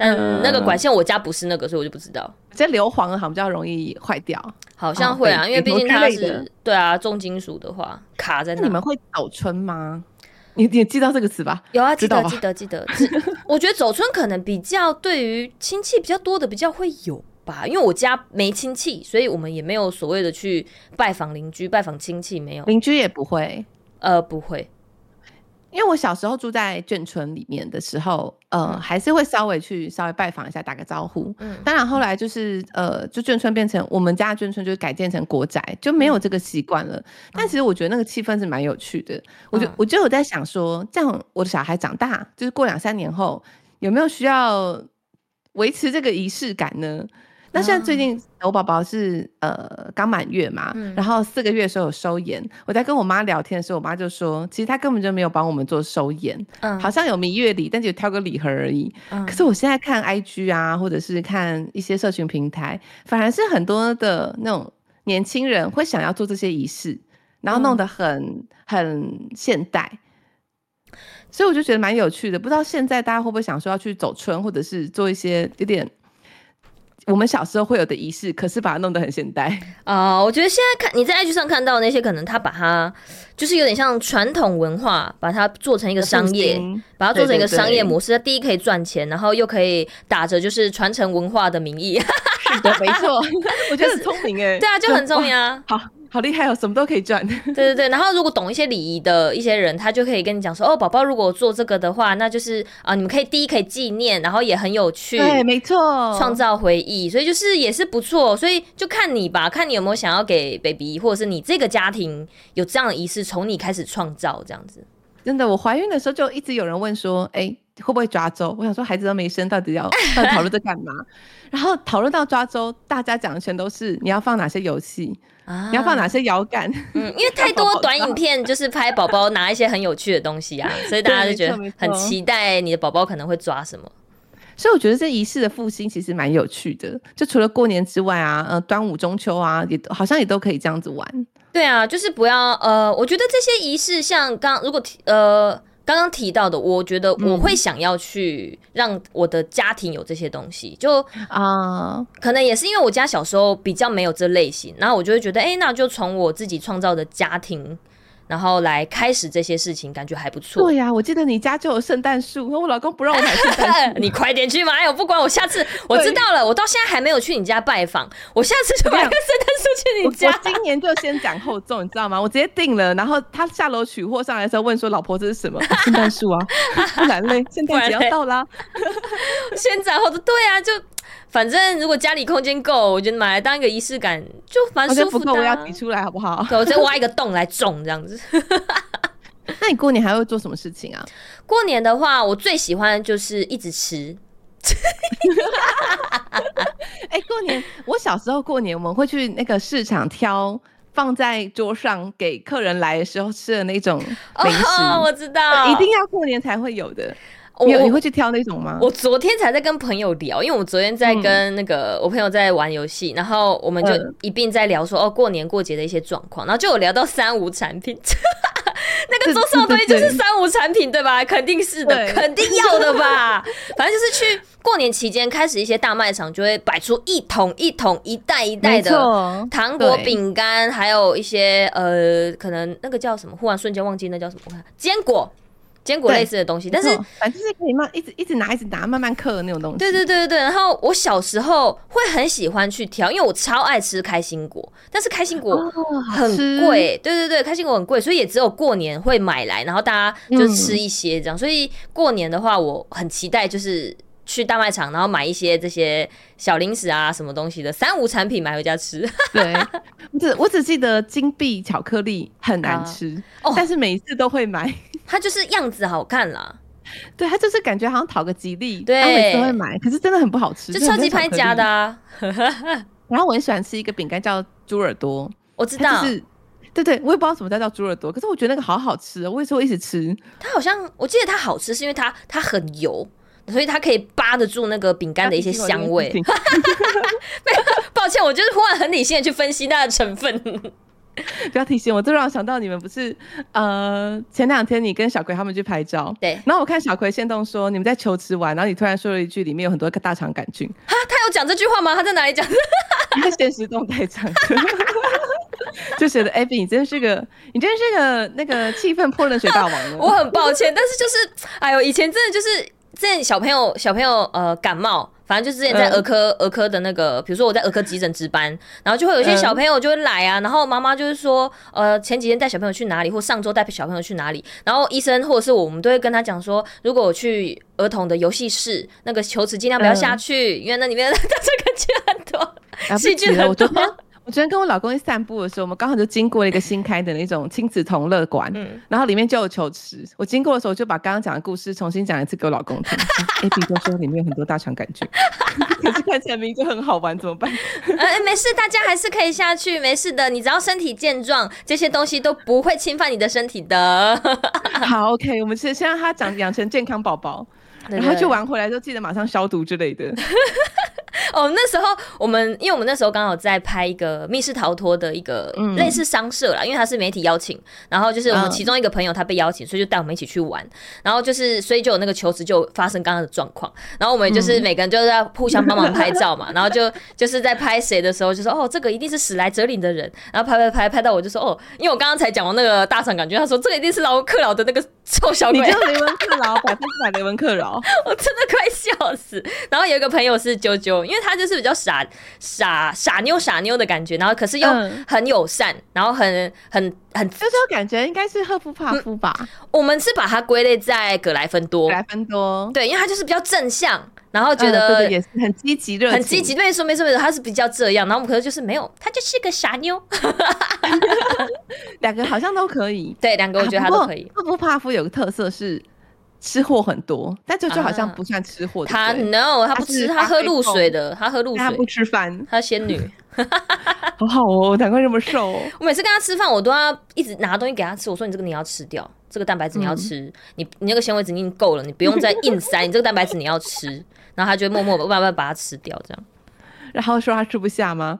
但那個管線，我家不是那個，所以我就不知道。這硫磺好像比較容易壞掉，好像會啊，因為畢竟它是對啊，重金屬的話卡在那。你們會走村嗎？你你記到這個詞吧？有啊，記得記得記得，記得。 我覺得走春可能比較對於親戚比較多的比較會有吧，因為我家沒親戚，所以我們也沒有所謂的去拜訪鄰居、拜訪親戚，沒有。鄰居也不會，呃，不會。因為我小時候住在眷村裡面的時候，呃，嗯、還是會稍微去稍微拜訪一下，打個招呼。當、嗯、然後來就是呃，就眷村變成我們家的眷村就改建成國宅，就沒有這個習慣了、嗯。但其實我覺得那個氣氛是蠻有趣的。嗯、我就我就有我在想說，這樣我的小孩長大，就是過兩三年後，有沒有需要維持這個儀式感呢？那像最近我寶寶是呃剛滿月嘛、嗯，然後四個月的時候有收涎。我在跟我媽聊天的時候，我媽就說，其實他根本就沒有幫我們做收涎，嗯、好像有彌月禮，但就挑個禮盒而已、嗯。可是我現在看 IG 啊，或者是看一些社群平台，反而是很多的那種年輕人會想要做這些儀式，然後弄得很、嗯、很現代，所以我就覺得蠻有趣的。不知道現在大家會不會想說要去走春，或者是做一些有點。我們小時候會有的儀式，可是把它弄得很現代哦、oh, 我覺得現在看你在 IG 上看到那些，可能他把它就是有點像傳統文化，把它做成一個商業，商把它做成一個商業模式。對對對，他第一可以賺錢，然後又可以打着就是傳承文化的名義， 沒錯， 我覺得很聰明哎， 對啊，就很聰明啊，好。好厲害哦、喔，什麼都可以賺。 對對對，然後如果懂一些禮儀的一些人，他就可以跟你講說：“哦，寶寶如果做這個的話，那就是啊、呃，你們可以第一可以紀念，然後也很有趣，對，沒錯，創造回憶，所以就是也是不錯，所以就看你吧，看你有沒有想要給 baby 或者是你這個家庭有這樣的儀式，從你開始創造這樣子。真的，我懷孕的時候就一直有人問說：，哎、欸，會不會抓周？我想說孩子都沒生，到底要到底討論在幹嘛？ 然後討論到抓周，大家講的全都是你要放哪些遊戲。”你要放哪些搖桿？啊，嗯，因為太多短影片就是拍寶寶拿一些很有趣的東西啊， 所以大家就覺得很期待你的寶寶可能會抓什麼。所以我覺得這儀式的復興其實蠻有趣的，就除了過年之外啊，呃，端午、中秋啊，也好像也都可以這樣子玩。對啊，就是不要呃，我覺得這些儀式像剛如果呃。剛剛提到的，我覺得我會想要去讓我的家庭有這些東西，嗯、就啊，可能也是因為我家小時候比較沒有這類型，然後我就會覺得，哎、欸，那就從我自己創造的家庭。然後來開始這些事情，感覺還不錯。對呀、啊，我記得你家就有聖誕樹，我老公不讓我買聖誕樹。 你快點去買，哎呦，我不管我，下次 我知道了，我到現在還沒有去你家拜訪，我下次就買個聖誕樹去你家。 我,我今年就先斬後奏，你知道嗎？我直接定了，然後他下樓取貨上來，的時候，問說老婆這是什麼？ 聖誕樹啊不，不然嘞，聖誕節要到啦， 先斬後奏對呀、啊，就。反正如果家裡空間夠，我覺得買來當一個儀式感就，反正、啊。Okay, 不夠，我要擠出來好不好？對，我再挖一個洞來種這樣子。 那你過年還會做什麼事情啊？過年的話，我最喜歡就是一直吃。哎、 欸，過年，我小時候過年我們會去那個市場挑放在桌上給客人來的時候吃的那種零食，oh, oh, 我知道，一定要過年才會有的。你會去挑那種嗎？我昨天才在跟朋友聊，因為我昨天在跟那個我朋友在玩遊戲、嗯，然後我們就一併在聊說、呃、哦，過年過節的一些狀況，然後就有聊到三無產品， 那個桌上堆就是三無產品對吧？肯定是的，肯定要的吧？反正就是去過年期間開始一些大賣場就會擺出一桶一桶、一袋一袋的糖果餅乾、餅乾，還有一些呃，可能那個叫什麼？忽然瞬間忘記那叫什麼？我看堅果。堅果類似的東西，但是反正是可以慢一直一直拿一直拿慢慢刻的那種東西。對對對對，然後我小時候會很喜歡去挑，因為我超愛吃開心果，但是開心果很貴，哦。對對對，開心果很貴，所以也只有過年會買來，然後大家就吃一些這樣。嗯、所以過年的話，我很期待就是去大賣場，然後買一些這些小零食啊，什麼東西的三無產品買回家吃。對，我 只我只記得金幣巧克力很難吃，啊，但是每一次都會買。它就是樣子好看啦，對，它就是感覺好像討個吉利，對，每次都會買，可是真的很不好吃，就超級拍家的，啊。然後我很喜歡吃一個餅乾叫豬耳朵，我知道，就是，對，對對，我也不知道什麼叫叫豬耳朵，可是我覺得那個好好吃，我也是會一直吃。它好像，我記得它好吃是因為它它很油，所以它可以扒得住那個餅乾的一些香味。 抱歉，我就是忽然很理性的去分析它的成分。不 要提醒我！這讓我想到你們不是，呃，前兩天你跟小葵他們去拍照，對。然後我看小葵限動說你們在求職玩，然後你突然說了一句，裡面有很多個大腸桿菌。哈，他有講這句話嗎？他在哪裡講的？ 你在限時動態上。 就寫的艾比，你真是個，你真是個那個氣氛潑冷水大王。 我很抱歉，但是就是，哎呦，以前真的就是。之前小朋友小朋友呃感冒，反正就是之前在兒科兒、嗯、科的那個，比如說我在兒科急診值班，然後就會有些小朋友就會來啊、嗯，然後媽媽就是說呃前幾天帶小朋友去哪裡，或上周帶小朋友去哪裡，然後醫生或者是我，我們都會跟他講說，如果我去兒童的遊戲室那個球池盡量不要下去，嗯、因為那裡面的大家感覺很多細菌、啊、很多。我昨天跟我老公一散步的時候，我們剛好就經過了一個新開的那種親子同樂館、嗯，然後裡面就有球池。我經過的時候，就把剛剛講的故事重新講一次給我老公聽。A B 都說裡面有很多大腸桿菌， 可是看起來名字很好玩，怎麼辦？哎、， 呃欸，沒事，大家還是可以下去，沒事的。你只要身體健壯，這些東西都不會侵犯你的身體的。 好，OK，我們先先讓他長養成健康寶寶， 對對對，然後就玩回來就記得馬上消毒之類的。 哦，那時候我們，因為我們那時候剛好在拍一個密室逃脫的一個類似商社啦，嗯，因為他是媒體邀請，然後就是我們其中一個朋友他被邀請，嗯、所以就帶我們一起去玩，然後就是所以就有那個求職就發生剛剛的狀況，然後我們就是每個人就是要互相幫忙拍照嘛，嗯、然後就就是在拍誰的時候就說 哦，這個一定是史萊哲林的人，然後拍拍拍拍到我就說哦，因為我剛剛才講到那個大長感覺，他說這個一定是勞克勞的那個臭小鬼，雷文， 雷文克勞百分之百雷文克勞，我真的快笑死，然後有一個朋友是啾啾。因為他就是比較傻傻傻妞傻妞，妞的感覺，然後可是又很友善，嗯、然後很很很，這種、就是、感覺應該是赫夫帕夫吧？嗯、我們是把他歸類在格萊芬多。格萊芬多，對，因為他就是比較正向，然後覺得也是很積極的，很積極。對，說沒說沒說，他是比較這樣。然後我們可能就是沒有，他就是個傻妞。兩 個好像都可以，對，兩個我覺得他都可以。啊、赫夫帕夫有個特色是。吃貨很多，但這就好像不像吃貨，啊。他 no，他不吃，他喝露水的。他，他，他喝露水。他不吃飯，他仙女，哈哈好好哦，難怪這麼瘦。我每次跟他吃飯，我都要一直拿東西給他吃。我說，你這個你要吃掉，這個蛋白質你要吃，嗯、你你那個纖維質已經夠了，你不用再硬塞。 你這個蛋白質你要吃，然後他就會默默慢慢把它吃掉，這樣。然後說他吃不下嗎？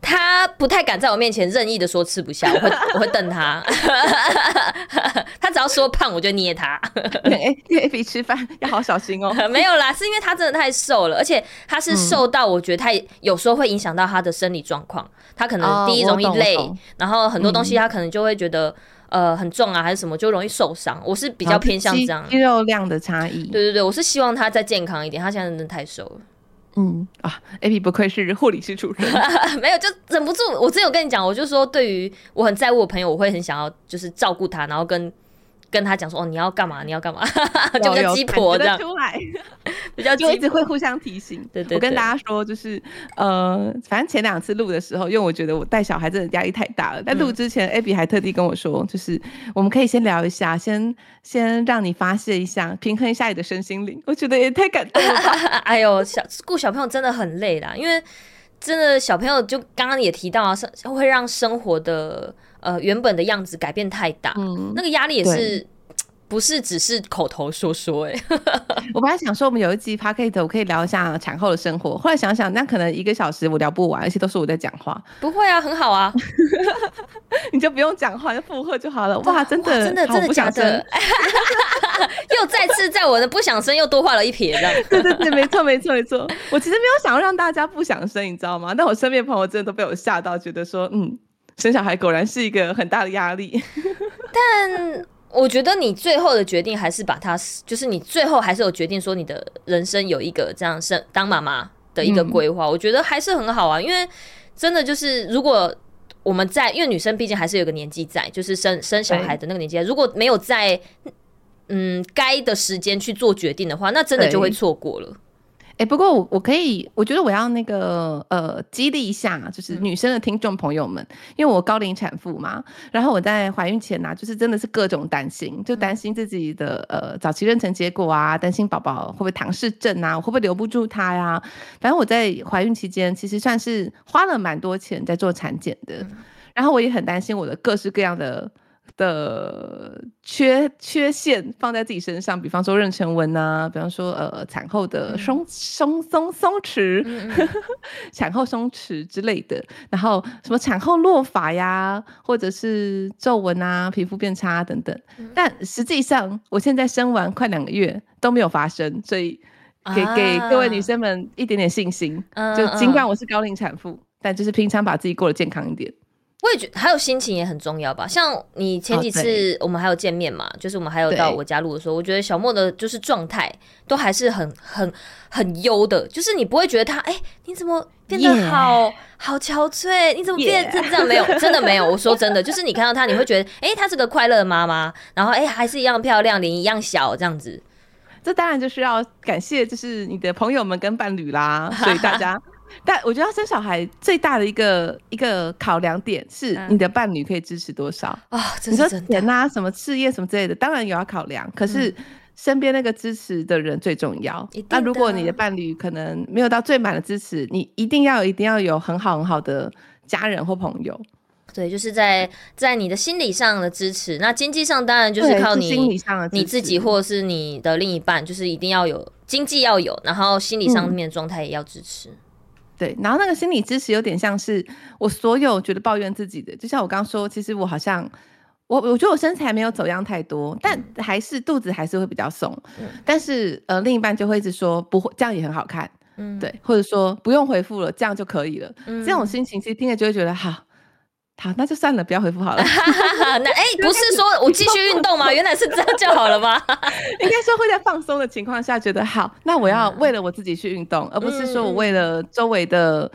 他不太敢在我面前任意的說吃不下， 我會我會瞪他。 他只要說胖，我就捏他。哎， 比吃飯要好小心哦。 沒有啦，是因為他真的太瘦了，而且他是瘦到我覺得他有時候會影響到他的生理狀況。嗯、他可能第一容易累、哦，然後很多東西他可能就會覺得、嗯、呃很重啊，還是什麼就容易受傷。我是比較偏向這樣肌、肌肉量的差異。對對對，我是希望他再健康一點。他現在真的太瘦了。嗯啊，Abby 不愧是護理師出身， 沒有就忍不住。我真有跟你講，我就說對於我很在乎的朋友，我會很想要就是照顧他，然後跟。跟他講說哦，你要幹嘛？你要幹嘛？哦、 就比較雞婆這樣，感覺出來 比較雞婆，就一直會互相提醒。對對、對，我跟大家說，就是呃，反正前兩次錄的時候，因為我覺得我帶小孩真的壓力太大了。在錄之前、嗯、Abby 還特地跟我說，就是我們可以先聊一下，先先讓你發洩一下，平衡一下你的身心靈。我覺得也太感動了。 哎呦，小顧小朋友真的很累啦，因為真的小朋友就剛剛也提到啊，會讓生活的。呃，原本的樣子改變太大，嗯，那個壓力也是不是只是口頭說說、欸？哎， 我本來想說我們有一集 podcast 我可以聊一下產後的生活，後來想想，那可能一個小時我聊不完，而且都是我在講話。不會啊，很好啊， 你就不用講話，就附和就好了。哇，真的，真的，真的不想生假的？ 又再次在我的不想生又多畫了一撇， 這樣。 對對對，沒錯沒錯沒錯。 我其實沒有想要讓大家不想生，你知道嗎？但我身邊朋友真的都被我嚇到，覺得說，嗯。生小孩果然是一個很大的壓力，但我覺得你最後的決定還是把它，就是你最後還是有決定說你的人生有一個這樣生當媽媽的一個規劃，嗯、我覺得還是很好啊。因為真的就是，如果我們在因為女生畢竟還是有個年紀在，就是生生小孩的那個年紀，欸、如果沒有在嗯該的時間去做決定的話，那真的就會錯過了。欸哎、欸，不過我我可以，我覺得我要那個呃激勵一下，就是女生的聽眾朋友們、嗯，因為我高齡產婦嘛，然後我在懷孕前吶、啊，就是真的是各種擔心，就擔心自己的呃早期妊娠結果啊，擔心寶寶會不會唐氏症啊、嗯，我會不會留不住她呀、啊？反正我在懷孕期間，其實算是花了蠻多錢在做產檢的，然後我也很擔心我的各式各樣的。的缺缺陷放在自己身上，比方說妊娠紋啊，比方說呃產後的鬆、嗯、鬆鬆鬆弛，呵呵呵， 產後鬆弛之類的，然後什麼產後落髮呀，或者是皺紋啊，皮膚變差、啊、等等、嗯。但實際上，我現在生完快兩個月都沒有發生，所以給、啊、給各位女生們一點點信心。啊、就儘管我是高齡產婦嗯嗯，但就是平常把自己過得健康一點。我也覺得還有心情也很重要吧，像你前幾次我們還有見面嘛，oh, 就是我們還有到我家錄的時候，我覺得小莫的就是狀態都還是很很很優的，就是你不會覺得他哎、欸、你怎麼變得好、yeah. 好憔悴，你怎麼變得這樣、yeah. 沒有真的沒有，我說真的 就是你看到他你會覺得哎、欸、他是個快樂的媽媽，然後哎、欸、還是一樣漂亮，臉一樣小這樣子，這當然就是要感謝就是你的朋友們跟伴侶啦，所以大家。 但我覺得生小孩最大的一個一個考量點是你的伴侶可以支持多少啊、嗯哦。你說錢、啊、什麼事業什麼之類的，當然也要考量。嗯、可是身邊那個支持的人最重要。那如果你的伴侶可能沒有到最滿的支持，你一定要一定要有很好很好的家人或朋友。對，就是在在你的心理上的支持。那經濟上當然就是靠你心理上的你自己或是你的另一半，就是一定要有經濟要有，然後心理上面的狀態也要支持。嗯對，然後那個心理支持有點像是我所有覺得抱怨自己的，就像我剛剛說，其實我好像我我覺得我身材沒有走樣太多，嗯、但還是肚子還是會比較鬆、嗯。但是呃，另一半就會一直說不會，這樣也很好看。嗯，對，或者說不用回復了，這樣就可以了。嗯，這種心情其實聽着就會覺得好。好，那就算了，不要回復好了。 那哎、欸，不是說我繼續運動嗎？原來是這樣就好了嗎？應該說會在放鬆的情況下覺得好，那我要為了我自己去運動，嗯，而不是說我為了周圍的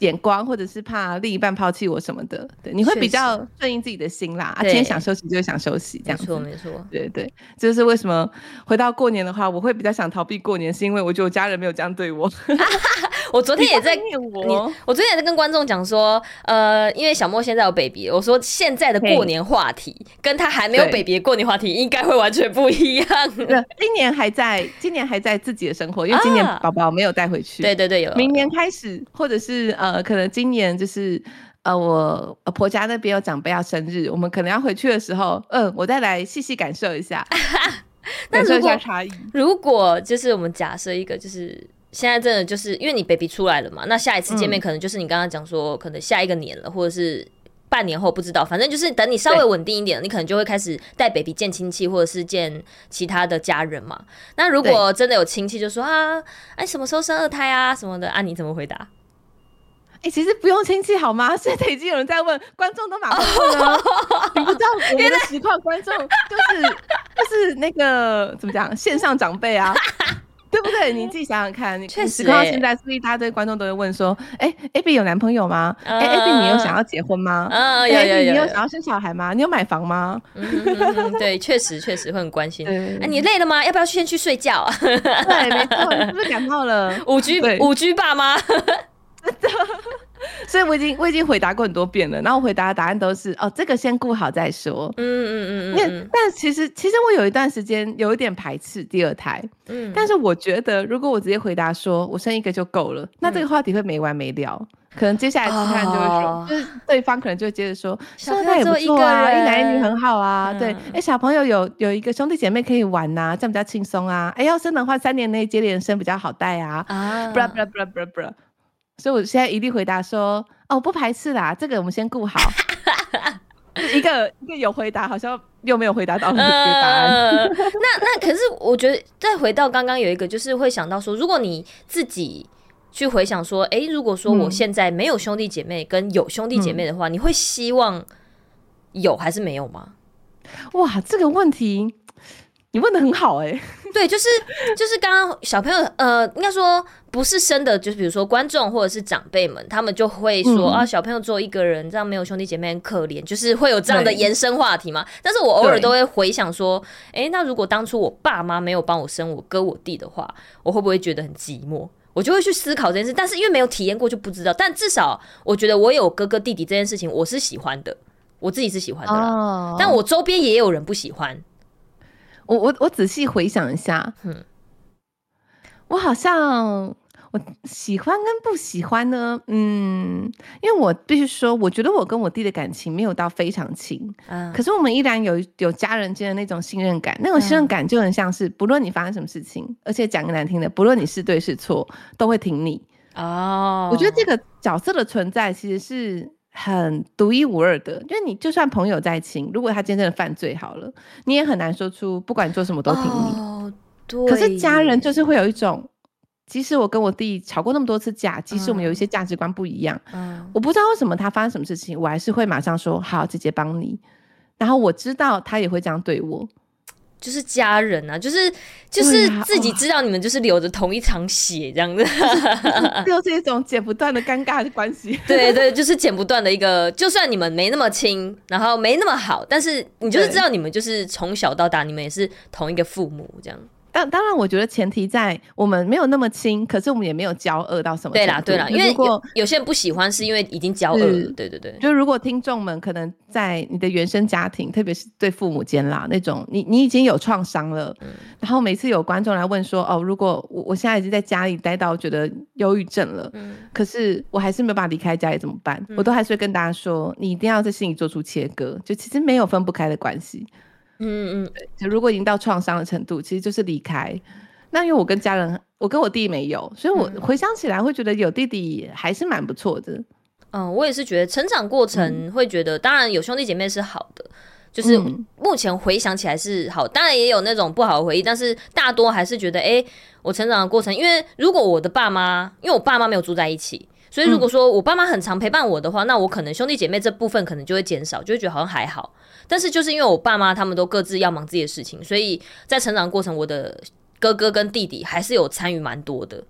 眼光或者是怕另一半拋棄我什麼的。對，你會比較順應自己的心啦。啊，今天，天想休息就想休息，這樣沒錯沒錯。對對，對，就是為什麼，回到過年的話，我會比較想逃避過年，是因為我覺得我家人沒有這樣對我。 我昨天也在念我，我昨天也在跟觀眾講說，呃，因為小墨現在有 baby，我說現在的過年話題跟他還沒有 baby 的過年話題應該會完全不一樣。 今年還在，今年還在自己的生活，因為今年寶寶沒有帶回去。對對對，有。明年開始，或者是呃，可能今年就是呃，我婆家那邊有長輩要生日，我們可能要回去的時候，嗯、呃，我再來細細感受一下。 那如果感受一下差異，如果就是我們假設一個就是。現在真的就是因為你 baby 出來了嘛，那下一次見面可能就是你剛剛講說、嗯，可能下一個年了，或者是半年後不知道，反正就是等你稍微穩定一點，你可能就會開始帶 baby 見親戚，或者是見其他的家人嘛。那如果真的有親戚就說啊，哎、啊，什麼時候生二胎啊，什麼的啊，你怎麼回答？哎、欸，其實不用親戚好嗎？現在已經有人在問，觀眾都麻木了、啊，哦哦哦哦哦哦，不知道我們的實況觀眾就是 就是那個怎麼講線上長輩啊。 對不對？你自己想想看，確實。到現在，所以一大堆觀眾都會問說：“哎 Abby 有男朋友嗎？哎 Abby 你有想要結婚嗎？哎 Abby 你有想要生小孩嗎？你有買房嗎？”嗯嗯、對， 確實確實會很關心。哎、啊，你累了嗎？要不要先去睡覺？對， 沒錯，你是不是感冒了？五 G 五 G 爸媽。嗎 真的。 所以我已經我已經回答過很多遍了，然後我回答的答案都是哦，這個先顧好再說。嗯嗯嗯嗯。但其實其實我有一段時間有一點排斥第二胎。嗯。但是我覺得如果我直接回答說我生一個就夠了，那這個話題會沒完沒了。嗯、可能接下來看就是、哦、就是對方可能就會接着說，小朋友做一個啊。一男一女很好啊，嗯、對，欸、小朋友有有一個兄弟姐妹可以玩吶、啊，這樣比較輕鬆啊。哎、欸、要生的話三年內接連生比較好帶啊。啊。不拉不拉不拉不拉。所以我現在一律回答說，哦，不排斥啦，這個我們先顧好。 一個一個有回答，好像又沒有回答到的地方。那那可是我覺得，再回到剛剛有一個，就是會想到說，如果你自己去回想說，哎、欸，如果說我現在沒有兄弟姐妹跟有兄弟姐妹的話，嗯、你會希望有還是沒有嗎？哇，這個問題。你問得很好哎、欸， 對，就是就是剛剛小朋友呃，應該說不是生的，就是比如說觀眾或者是長輩們，他們就會說、嗯、啊，小朋友做一個人這樣沒有兄弟姐妹很可憐，就是會有這樣的延伸話題嘛。但是我偶爾都會回想說，哎、欸，那如果當初我爸媽沒有幫我生我哥我弟的話，我會不會覺得很寂寞？我就會去思考這件事。但是因為沒有體驗過就不知道。但至少我覺得我有哥哥弟弟這件事情，我是喜歡的，我自己是喜歡的啦。Oh. 但我周邊也有人不喜歡。我我我仔細回想一下，我好像我喜歡跟不喜歡呢，嗯，因為我必須說，我覺得我跟我弟的感情沒有到非常親，嗯，可是我們依然有有家人間的那種信任感，那種信任感就很像是，不論你發生什麼事情，嗯，而且講個難聽的，不論你是對是錯，都會挺你，哦，我覺得這個角色的存在其實是，很獨一無二的，因為你就算朋友再親，如果他真正的犯罪好了，你也很難說出不管你做什麼都挺你。哦，對。可是家人就是會有一種，即使我跟我弟吵過那麼多次架，即使我們有一些價值觀不一樣，嗯，我不知道為什麼他發生什麼事情，我還是會馬上說好，姐姐幫你。然後我知道他也會這樣對我。就是家人啊，就是就是自己知道你們就是流着同一場血這樣子、啊 就是，就是一種剪不斷的尷尬的關係。對對，就是剪不斷的一個， 就算你們沒那麼親，然後沒那麼好，但是你就是知道你們就是從小到大，你們也是同一個父母這樣。當當然，我覺得前提在我們沒有那麼親，可是我們也沒有交惡到什麼程度。對了，對了，因為如果有些人不喜歡，是因為已經交惡了。對對對，就如果聽眾們可能在你的原生家庭，特別是對父母間啦那種你，你你已經有創傷了、嗯。然後每次有觀眾來問說：“哦，如果我我現在已經在家裡待到覺得憂鬱症了、嗯，可是我還是沒有辦法離開家裡怎麼辦、嗯？”我都還是會跟大家說：“你一定要在心裡做出切割，就其實沒有分不開的關係。”嗯嗯，就如果已經到創傷的程度，其實就是離開。那因為我跟家人，我跟我弟沒有，所以我回想起來會覺得有弟弟還是蠻不錯的。嗯，嗯，嗯、呃，我也是覺得成長過程會覺得、嗯，當然有兄弟姐妹是好的，就是目前回想起來是好、嗯，當然也有那種不好的回憶，但是大多還是覺得，哎、欸，我成長的過程，因為如果我的爸媽，因為我爸媽沒有住在一起，所以如果說我爸媽很常陪伴我的話、嗯，那我可能兄弟姐妹這部分可能就會減少，就會覺得好像還好。但是就是因為我爸媽他們都各自要忙自己的事情，所以在成長過程，我的哥哥跟弟弟還是有參與蠻多的。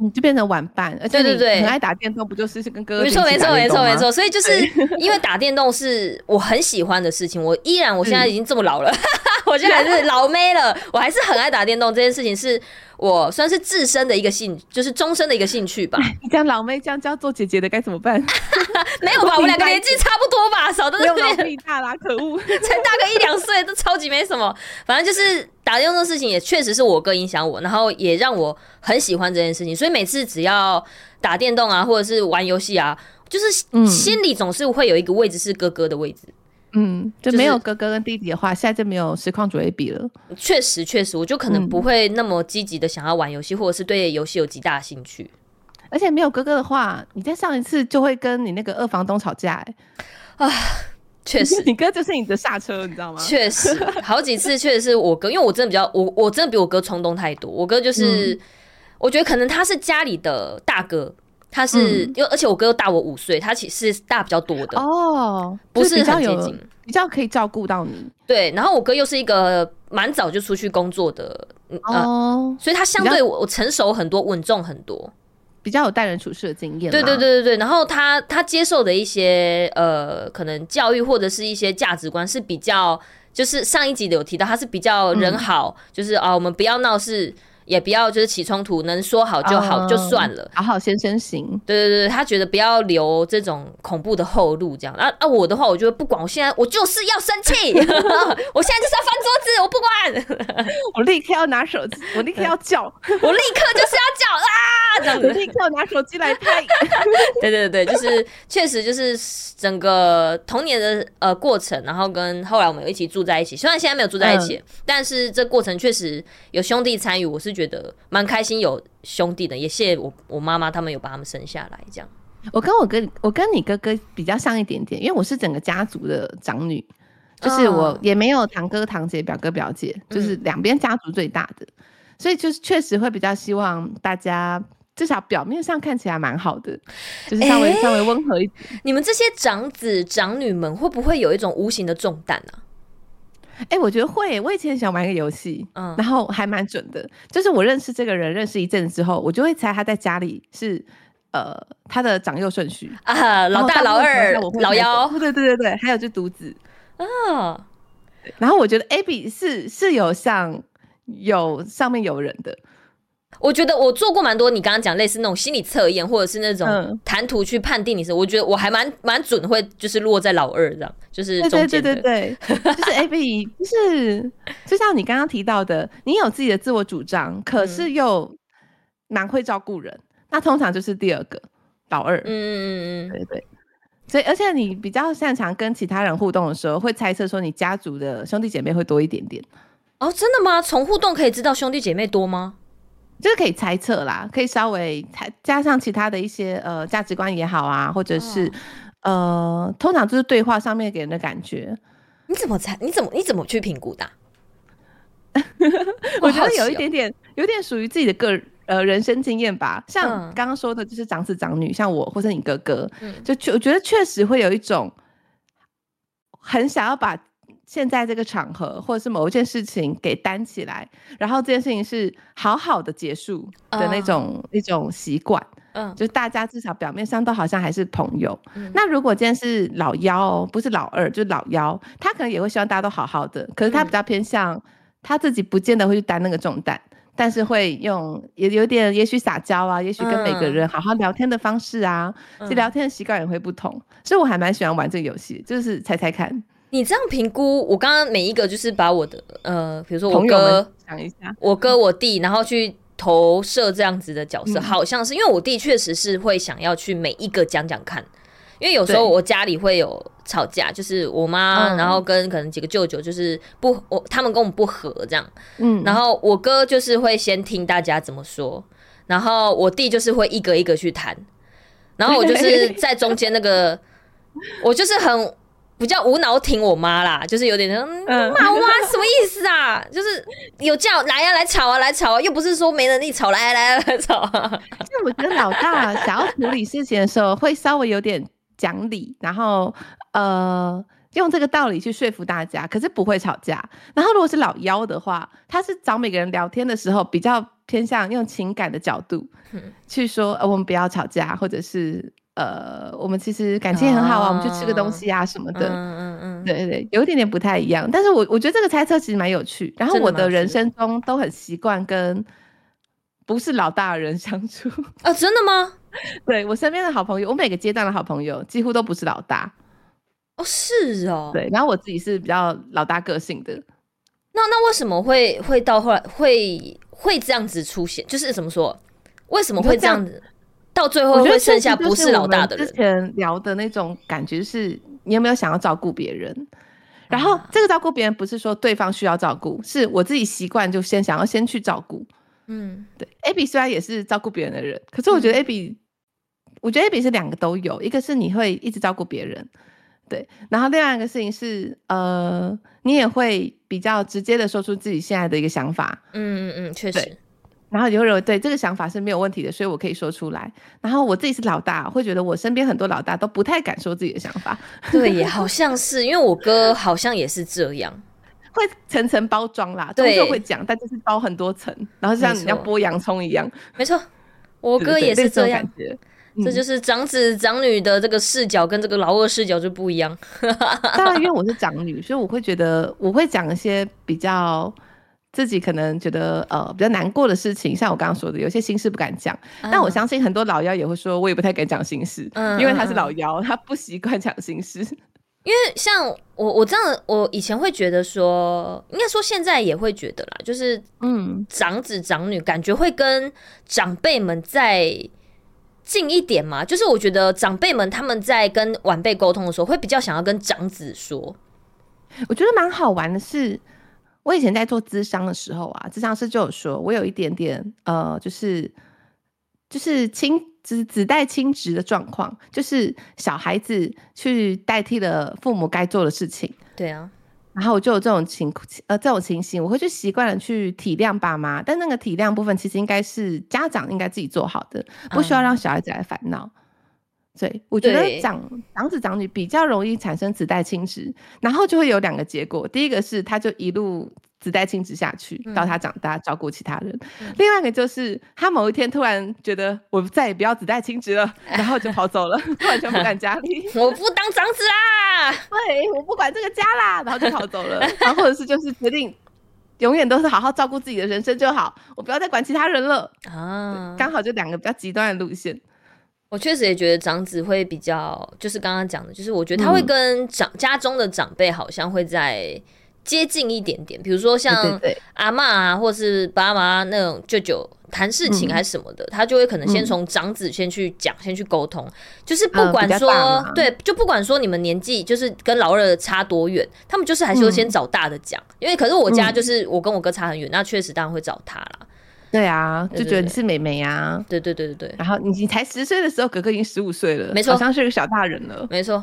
你就變成玩伴，對對對，很愛打電動，不就是是跟哥哥？沒錯沒錯沒錯沒錯，所以就是因為打電動是我很喜歡的事情。 我依然，我現在已經這麼老了，嗯、 我現在還是老妹了，我還是很愛打電動。這件事情是。我算是自身的一個興趣，就是終身的一個興趣吧。你這樣老妹，這樣這樣做姐姐的該怎麼辦？ 沒有吧，我們兩個年紀差不多吧， 少都差不差啦，可惡， 才大個一兩歲都超級沒什麼。反正就是打電動的事情，也確實是我哥影響我，然後也讓我很喜歡這件事情。所以每次只要打電動啊，或者是玩遊戲啊，就是心裡總是會有一個位置是哥哥的位置。嗯嗯，就沒有哥哥跟弟弟的話，就是、現在就沒有實況主 Abby 了。確實，確實，我就可能不會那麼積極的想要玩遊戲、嗯，或者是對遊戲有極大興趣。而且沒有哥哥的話，你再上一次就會跟你那個二房東吵架，哎，啊，確實， 你哥就是你的煞車，你知道嗎？確實，好幾次確實是我哥， 因為我真的比較，我我真的比我哥衝動太多。我哥就是、嗯，我覺得可能他是家裡的大哥。他是，因、嗯、而且我哥又大我五歲，他其實是大比較多的哦，不是、就是、比較接近，比較可以照顧到你。對，然後我哥又是一個蠻早就出去工作的哦、呃，所以他相對我，我成熟很多，穩重很多，比較有待人處事的經驗。對對對對對，然後他他接受的一些呃，可能教育或者是一些價值觀是比較，就是上一集有提到他是比較人好，嗯、就是啊、呃，我們不要鬧事。也不要就是起衝突，能說好就好，嗯、就算了。好好先生型。對對對，他覺得不要留這種恐怖的後路，這樣。那、啊、那、啊、我的話，我就不管，我現在我就是要生氣， 我現在就是要翻桌子，我不管， 我立刻要拿手機，我立刻要叫， 我立刻就是要叫啊！這樣子， 立刻拿手機來拍。 對，對對對，就是確實就是整個童年的呃過程，然後跟後來我們有一起住在一起，雖然現在沒有住在一起，嗯、但是這過程確實有兄弟參與，我是。覺得蠻開心，有兄弟的，也謝謝我我媽媽，他們有把他們生下來這樣。我跟我哥，我跟你哥哥比較像一點點，因為我是整個家族的長女，嗯、就是我也沒有堂哥堂姐、表哥表姐，就是兩邊家族最大的，嗯、所以就是確實會比較希望大家至少表面上看起來蠻好的，就是稍微、欸、稍微溫和一點。你們這些長子長女們，會不會有一種無形的重擔呢、啊？哎、欸，我覺得會。我以前也想玩一個遊戲，嗯，然後還蠻準的。就是我認識這個人，認識一陣子之後，我就會猜他在家裡是呃他的長幼順序啊，老大、老二、老幺。對對對對，還有就獨子啊、哦。然後我覺得 Abby 是是有像有上面有人的。我覺得我做過蠻多，你剛剛講類似那種心理測驗，或者是那種談吐去判定你是、嗯，我覺得我還蠻蠻準，會就是落在老二這樣，就是的對對對對就是 Abby 就 是就像你剛剛提到的，你有自己的自我主張，可是又蠻會照顧人、嗯，那通常就是第二個老二，嗯嗯嗯嗯，對，對對，所以而且你比較擅長跟其他人互動的時候，會猜測說你家族的兄弟姐妹會多一點點，哦，真的嗎？從互動可以知道兄弟姐妹多嗎？就是可以猜測啦，可以稍微猜，加上其他的一些呃價值觀也好啊，或者是、哦、呃，通常就是對話上面給人的感覺。你怎麼猜？你怎麼你怎麼去評估的、啊？ 我覺得有一點點，哦哦、有點屬於自己的個人呃人生經驗吧。像剛剛說的，就是長子長女，嗯、像我或者你哥哥，就我覺得確實會有一種很想要把。現在這個場合，或者是某一件事情給擔起來，然後這件事情是好好的結束的那種一、oh. 種習慣，嗯、uh.，就大家至少表面上都好像還是朋友。Uh. 那如果今天是老幺，不是老二，就是、老幺，他可能也會希望大家都好好的，可是他比較偏向他、uh. 自己，不見得會去擔那個重擔，但是會用也有點，也許撒嬌啊，也許跟每個人好好聊天的方式啊，這、uh. 聊天的習慣也會不同。所、uh. 以我還蠻喜歡玩這個遊戲，就是猜猜看。你這樣評估，我剛剛每一個就是把我的呃，比如說我哥講一下，我哥我弟，然後去投射這樣子的角色，嗯、好像是因為我弟確實是會想要去每一個講講看，因為有時候我家裡會有吵架，就是我媽、嗯、然後跟可能幾個舅舅就是不我他們跟我們不合這樣，嗯，然後我哥就是會先聽大家怎麼說，然後我弟就是會一個一個去談，然後我就是在中間那個， 我就是很。比較無腦挺我媽啦，就是有點罵我媽什麼意思啊？ 就是有叫來呀、啊，來吵啊，來吵啊，又不是說沒能力吵，來啊來啊來吵、啊。因為我覺得老大、啊、 想要處理事情的時候， 會稍微有點講理，然後呃，用這個道理去說服大家，可是不會吵架。然後如果是老幺的話，他是找每個人聊天的時候，比較偏向用情感的角度去說，嗯、呃，我們不要吵架，或者是。呃，我們其實感情也很好啊，啊，我們去吃個東西啊什麼的，嗯嗯嗯，對對對，有一點點不太一樣，但是我我覺得這個猜測其實蠻有趣。然後我的人生中都很習慣跟不是老大的人相處啊。真的嗎？ 對我身邊的好朋友，我每個階段的好朋友幾乎都不是老大。哦，是哦，對。然後我自己是比較老大個性的。那那為什麼會會到後來會會這樣子出現？就是怎麼說？為什麼會這樣子？到最後會剩下不是老大的人。之前聊的那種感覺是，你有沒有想要照顧別人？嗯啊。然後這個照顧別人不是說對方需要照顧，是我自己習慣就先想要先去照顧。嗯，對。Abby 雖然也是照顧別人的人，可是我覺得 Abby，嗯，我覺得 Abby 是兩個都有，一個是你會一直照顧別人，對，然後另外一個事情是，呃，你也會比較直接的說出自己現在的一個想法。嗯嗯嗯，確實。然後你會認為對，這個想法是沒有問題的，所以我可以說出來。然後我自己是老大，會覺得我身邊很多老大都不太敢說自己的想法。對，也 好像是因為我哥好像也是這樣，會層層包裝啦，終究會講，但就是包很多層，然後像你要剝洋蔥一樣。沒錯，我哥對對對也是這樣。感覺這就是長子長女的這個視角跟這個老二視角就不一樣。 當然，因為我是長女，所以我會覺得我會講一些比較。自己可能覺得呃比較難過的事情，像我剛剛說的，有些心事不敢講、嗯。但我相信很多老幺也會說，我也不太敢講心事、嗯，因為他是老幺，他不習慣講心事。因為像我我這樣，我以前會覺得說，應該說現在也會覺得啦，就是嗯，長子長女感覺會跟長輩們再近一點嘛、嗯。就是我覺得長輩們他們在跟晚輩溝通的時候，會比較想要跟長子說。我覺得蠻好玩的是，我以前在做諮商的時候啊，諮商師就有說，我有一點點呃，就是就是親子子代親職的狀況，就是小孩子去代替了父母該做的事情。對啊，然後我就有這種情呃這種情形，我會去習慣了去體諒爸媽，但那個體諒部分其實應該是家長應該自己做好的，不需要讓小孩子來煩惱。啊對，我覺得長長子長女比較容易產生子代親職，然後就會有兩個結果：第一個是他就一路子代親職下去，到他長大、嗯、照顧其他人、嗯，另外一個就是他某一天突然覺得我再也不要子代親職了、嗯，然後就跑走了， 完全不管家裡。 我不當長子啊！對，我不管這個家啦，然後就跑走了。 然後或者是就是決定永遠都是好好照顧自己的人生就好，我不要再管其他人了啊！剛好就兩個比較極端的路線。我確實也覺得長子會比較，就是剛剛講的，就是我覺得他會跟長、嗯、家中的長輩好像會再接近一點點，比如說像阿嬤啊，或是爸媽那種舅舅談事情還是什麼的、嗯，他就會可能先從長子先去講，嗯、先去溝通。就是不管說、呃、對，就不管說你們年紀就是跟老二的差多遠，他們就是還是會先找大的講。嗯、因為可是我家就是我跟我哥差很遠，嗯、那確實當然會找他啦。對啊，就覺得你是妹妹呀、啊，對對對對對。然後你你才十歲的時候，哥哥已經十五歲了，沒錯，好像是一個小大人了，沒錯，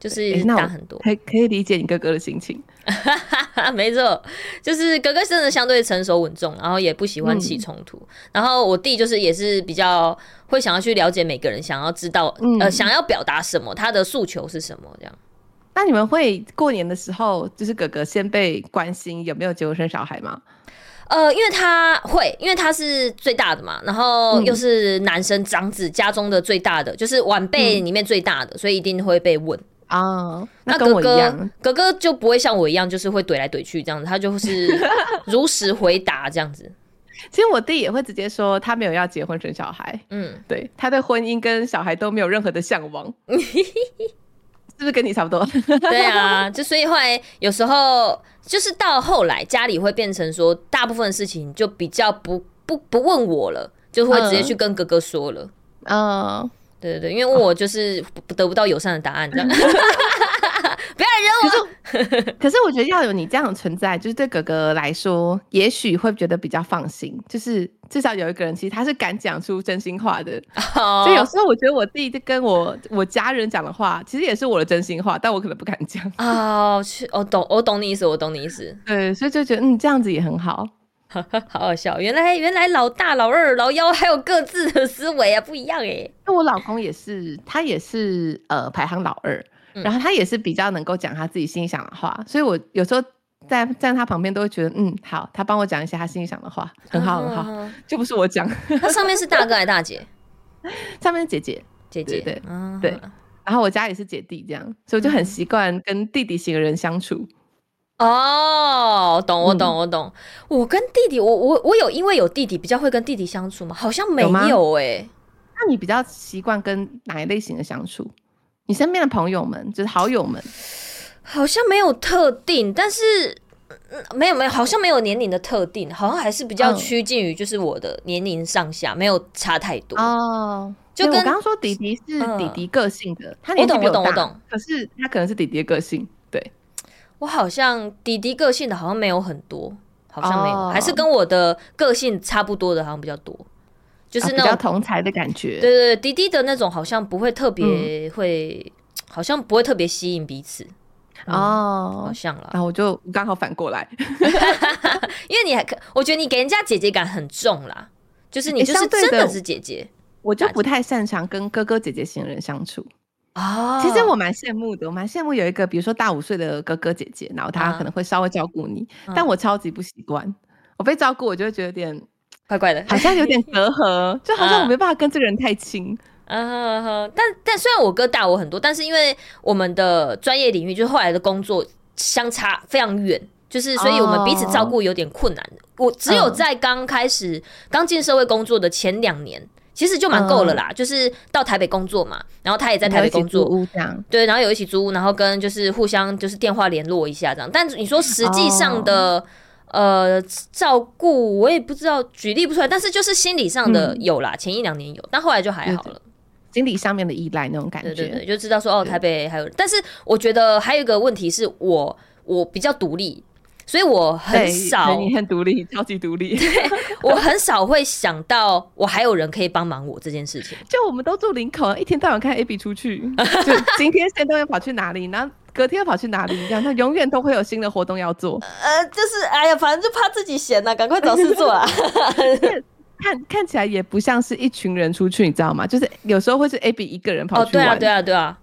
就是大很多。可、欸、可以理解你哥哥的心情， 沒錯，就是哥哥真的相對成熟穩重，然後也不喜歡起衝突、嗯。然後我弟就是也是比較會想要去了解每個人，想要知道、嗯、呃想要表達什麼，他的訴求是什麼這樣。那你們會過年的時候，就是哥哥先被關心有沒有結婚生小孩嗎？呃，因為他會，因為他是最大的嘛，然後又是男生長子，家中的最大的，嗯、就是晚輩裡面最大的、嗯，所以一定會被問啊、哦。那哥哥，那跟我一樣，哥哥就不會像我一樣，就是會懟來懟去這樣子，他就是如實回答這樣子。 其實我弟也會直接說，他沒有要結婚生小孩。嗯，對，他對婚姻跟小孩都沒有任何的嚮往。 是不是跟你差不多？ 對啊，就所以後來有時候就是到後來家裡會變成說，大部分事情就比較不不不問我了，就會直接去跟哥哥說了。啊、嗯，對對對，因為問我就是得不到友善的答案這樣。嗯 不要惹我、啊！可是， 可是我覺得要有你這樣存在，就是對哥哥來說，也許會覺得比較放心。就是至少有一個人，其實他是敢講出真心話的、哦。所以有時候我覺得我弟弟跟我我家人講的話，其實也是我的真心話，但我可能不敢講。哦，是、哦，懂，我懂你意思，我懂你意思。對，所以就覺得嗯，這樣子也很好， 好好笑。原來，原來老大、老二、老幺還有各自的思維啊，不一樣哎、欸。那我老公也是，他也是呃，排行老二。然後他也是比較能夠講他自己心裡想的話，所以我有時候在站他旁邊都會覺得嗯好，他幫我講一些他心裡想的話，很好很好、啊，就不是我講。他上面是大哥還是大姐？ 上面是姐姐，姐姐對對、啊對，啊、對，然後我家也是姐弟這樣，嗯、所以我就很習慣跟弟弟型的人相處。哦，懂我懂我懂、嗯，我跟弟弟，我我我有因為有弟弟比較會跟弟弟相處嗎？好像沒有哎、欸，那你比較習慣跟哪一類型的相處？你身邊的朋友們，就是好友們，好像沒有特定，但是沒有沒有，好像沒有年齡的特定，好像還是比較趨近於就是我的年齡上下、嗯，沒有差太多哦、嗯。就跟我剛剛說，弟弟是弟弟個性的，嗯、他年紀我懂，我懂我懂。可是他可能是弟弟的個性，對。我好像弟弟個性的好像沒有很多，好像沒有，嗯、還是跟我的個性差不多的，好像比較多。就是那種、哦、比較同才的感覺，對,對對，弟弟的那種好像不會特別會、嗯，好像不會特別吸引彼此、嗯、哦，好像啦。然、哦、後我就剛好反過來， 因為你還，我覺得你給人家姐姐感很重啦，就是你就是真的是姐姐，欸、我就不太擅長跟哥哥姐姐型人相處哦，其實我蠻羨慕的，我蠻羨慕有一個比如說大五歲的哥哥姐姐，然後他可能會稍微照顧你、哦，但我超級不習慣、哦，我被照顧我就會覺得有點。怪怪的，好像有點隔閡，就好像我沒辦法跟這個人太親、啊。嗯、啊啊啊，但但雖然我哥大我很多，但是因為我們的專業領域，就是後來的工作相差非常遠，就是所以我們彼此照顧有點困難。哦、我只有在剛開始剛進、嗯、社會工作的前兩年，其實就蠻夠了啦。嗯、就是到台北工作嘛，然後他也在台北工作，有一起租屋這樣對，然後有一起租屋，然後跟就是互相就是電話聯絡一下這樣。但你說實際上的。哦呃，照顧我也不知道，舉例不出來，但是就是心理上的有啦，嗯、前一兩年有，但後來就還好了。心理上面的依賴那種感覺，對對對就知道說哦，台北還有，但是我覺得還有一個問題是我，我比較獨立，所以我很少，你很獨立，超級獨立，對，我很少會想到我還有人可以幫忙我這件事情。 就我們都住林口、啊，一天到晚看 Abby 出去， 就今天現在要跑去哪裡呢？隔天要跑去哪裡一樣，他永遠都會有新的活動要做。 呃,就是哎呀，反正就怕自己閒吶、啊，趕快找事做啊 看看起來也不像是一群人出去，你知道嗎？就是有時候會是 Abby 一個人跑去、哦、對啊，對啊，對啊，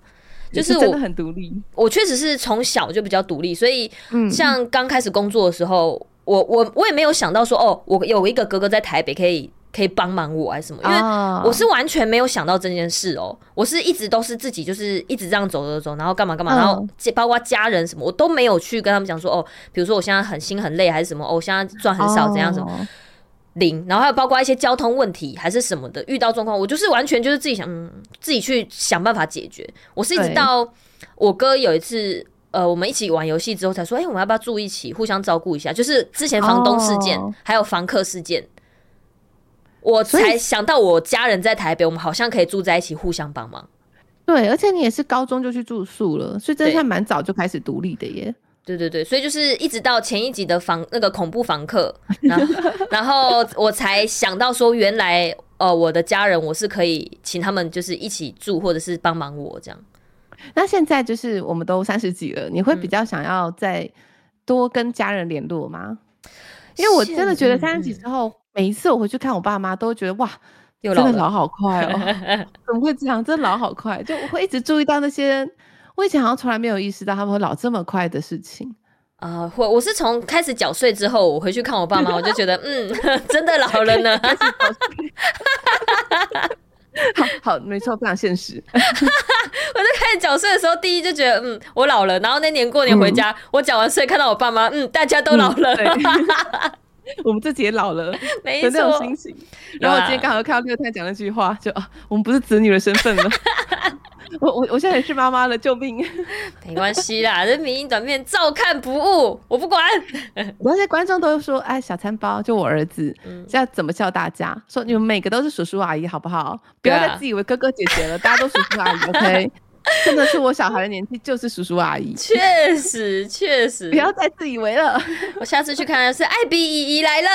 就是真的很獨立、就是我。我確實是從小就比較獨立，所以像剛開始工作的時候，嗯、我我我也沒有想到說，哦，我有一個哥哥在台北可以。可以幫忙我還是什麼？因為我是完全沒有想到這件事哦、喔。我是一直都是自己，就是一直這樣走走走，然後幹嘛幹嘛，然後包括家人什麼，我都沒有去跟他們講說哦，比如說我現在很心很累還是什麼，哦，現在賺很少怎樣什麼零，然後還有包括一些交通問題還是什麼的，遇到狀況我就是完全就是自己想自己去想辦法解決。我是一直到我哥有一次呃我們一起玩遊戲之後才說，哎，我們要不要住一起，互相照顧一下？就是之前房東事件還有房客事件、oh.。我才想到，我家人在台北，我們好像可以住在一起，互相幫忙。對，而且你也是高中就去住宿了，所以真的還蠻早就開始獨立的耶。對對對，所以就是一直到前一集的房那個恐怖房客， 然後然後我才想到說，原來呃我的家人我是可以請他們就是一起住，或者是幫忙我這樣。那現在就是我們都三十幾了，你會比較想要再多跟家人聯絡嗎？嗯，因為我真的覺得三十幾之後。每一次我回去看我爸媽，都覺得哇，又老了，真的老好快哦！ 怎麼會這樣？真的老好快，就我會一直注意到那些我以前好像從來沒有意識到他們會老這麼快的事情啊、呃！我我是從開始繳稅之後，我回去看我爸媽， 我就覺得嗯， 真的老了呢。 繳 好好，沒錯，非常現實。 我在開始繳稅的時候，第一就覺得嗯，我老了。然後那年過年回家，嗯、我繳完稅，看到我爸媽，嗯，大家都老了。嗯 我們自己也老了，沒錯，有那種心情、啊。然後我今天剛好看到哥太講那句話，就啊，我們不是子女的身份了。 我我我現在也是媽媽了， 救命！ 沒關係係啦，人 命短片照看不誤，我不管。那 些觀眾都會說，哎，小餐包就我兒子，現、嗯、在怎麼叫大家？說你們每個都是叔叔阿姨，好不好？嗯、不要再自以為哥哥姐姐了， 大家都叔叔阿姨，OK。 真的是我小孩的年紀，就是叔叔阿姨。確實，確實不要再自以為了。我下次去看的是艾比姨姨來了。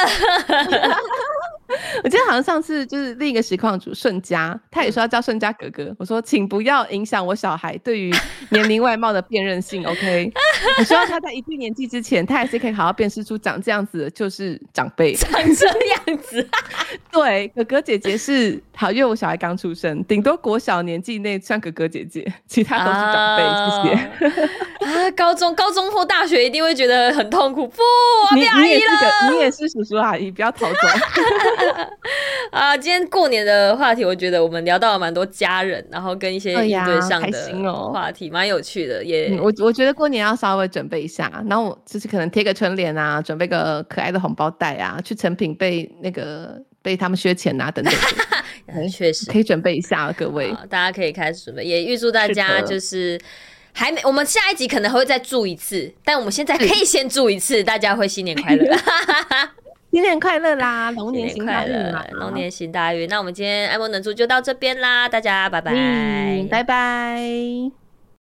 我記得好像上次就是另一個實況主順家，他也說要叫順家哥哥。我說，請不要影響我小孩對於年齡外貌的辨認性。 OK，我希望他在一定年紀之前，他還是可以好好辨識出長這樣子的就是長輩。長這樣子， 對，哥哥姐姐是好，因為我小孩剛出生，頂多國小年紀內像哥哥姐姐。其他都是長輩、啊，謝謝。啊，高中、高中或大學一定會覺得很痛苦。不，我變阿姨了你、你，你也是叔叔阿姨，不要逃走。 啊，今天過年的話題，我覺得我們聊到了蠻多家人，然後跟一些對象的話題，蠻、哦哦、有趣的。也、yeah 嗯，我我覺得過年要稍微準備一下，然後就是可能貼個春聯啊，準備個可愛的紅包袋啊，去成品被那個被他們削錢啊，等等。 很確實可以準備一下，各位好，大家可以開始準備。也預祝大家就是，是還沒，我們下一集可能會再祝一次，但我們現在可以先祝一次，嗯、大家會新年快樂，哎， 新年快樂啦，龍年行大運，龍年行大運。那我們今天愛莫能助，就到這邊啦，大家拜拜，嗯、拜拜。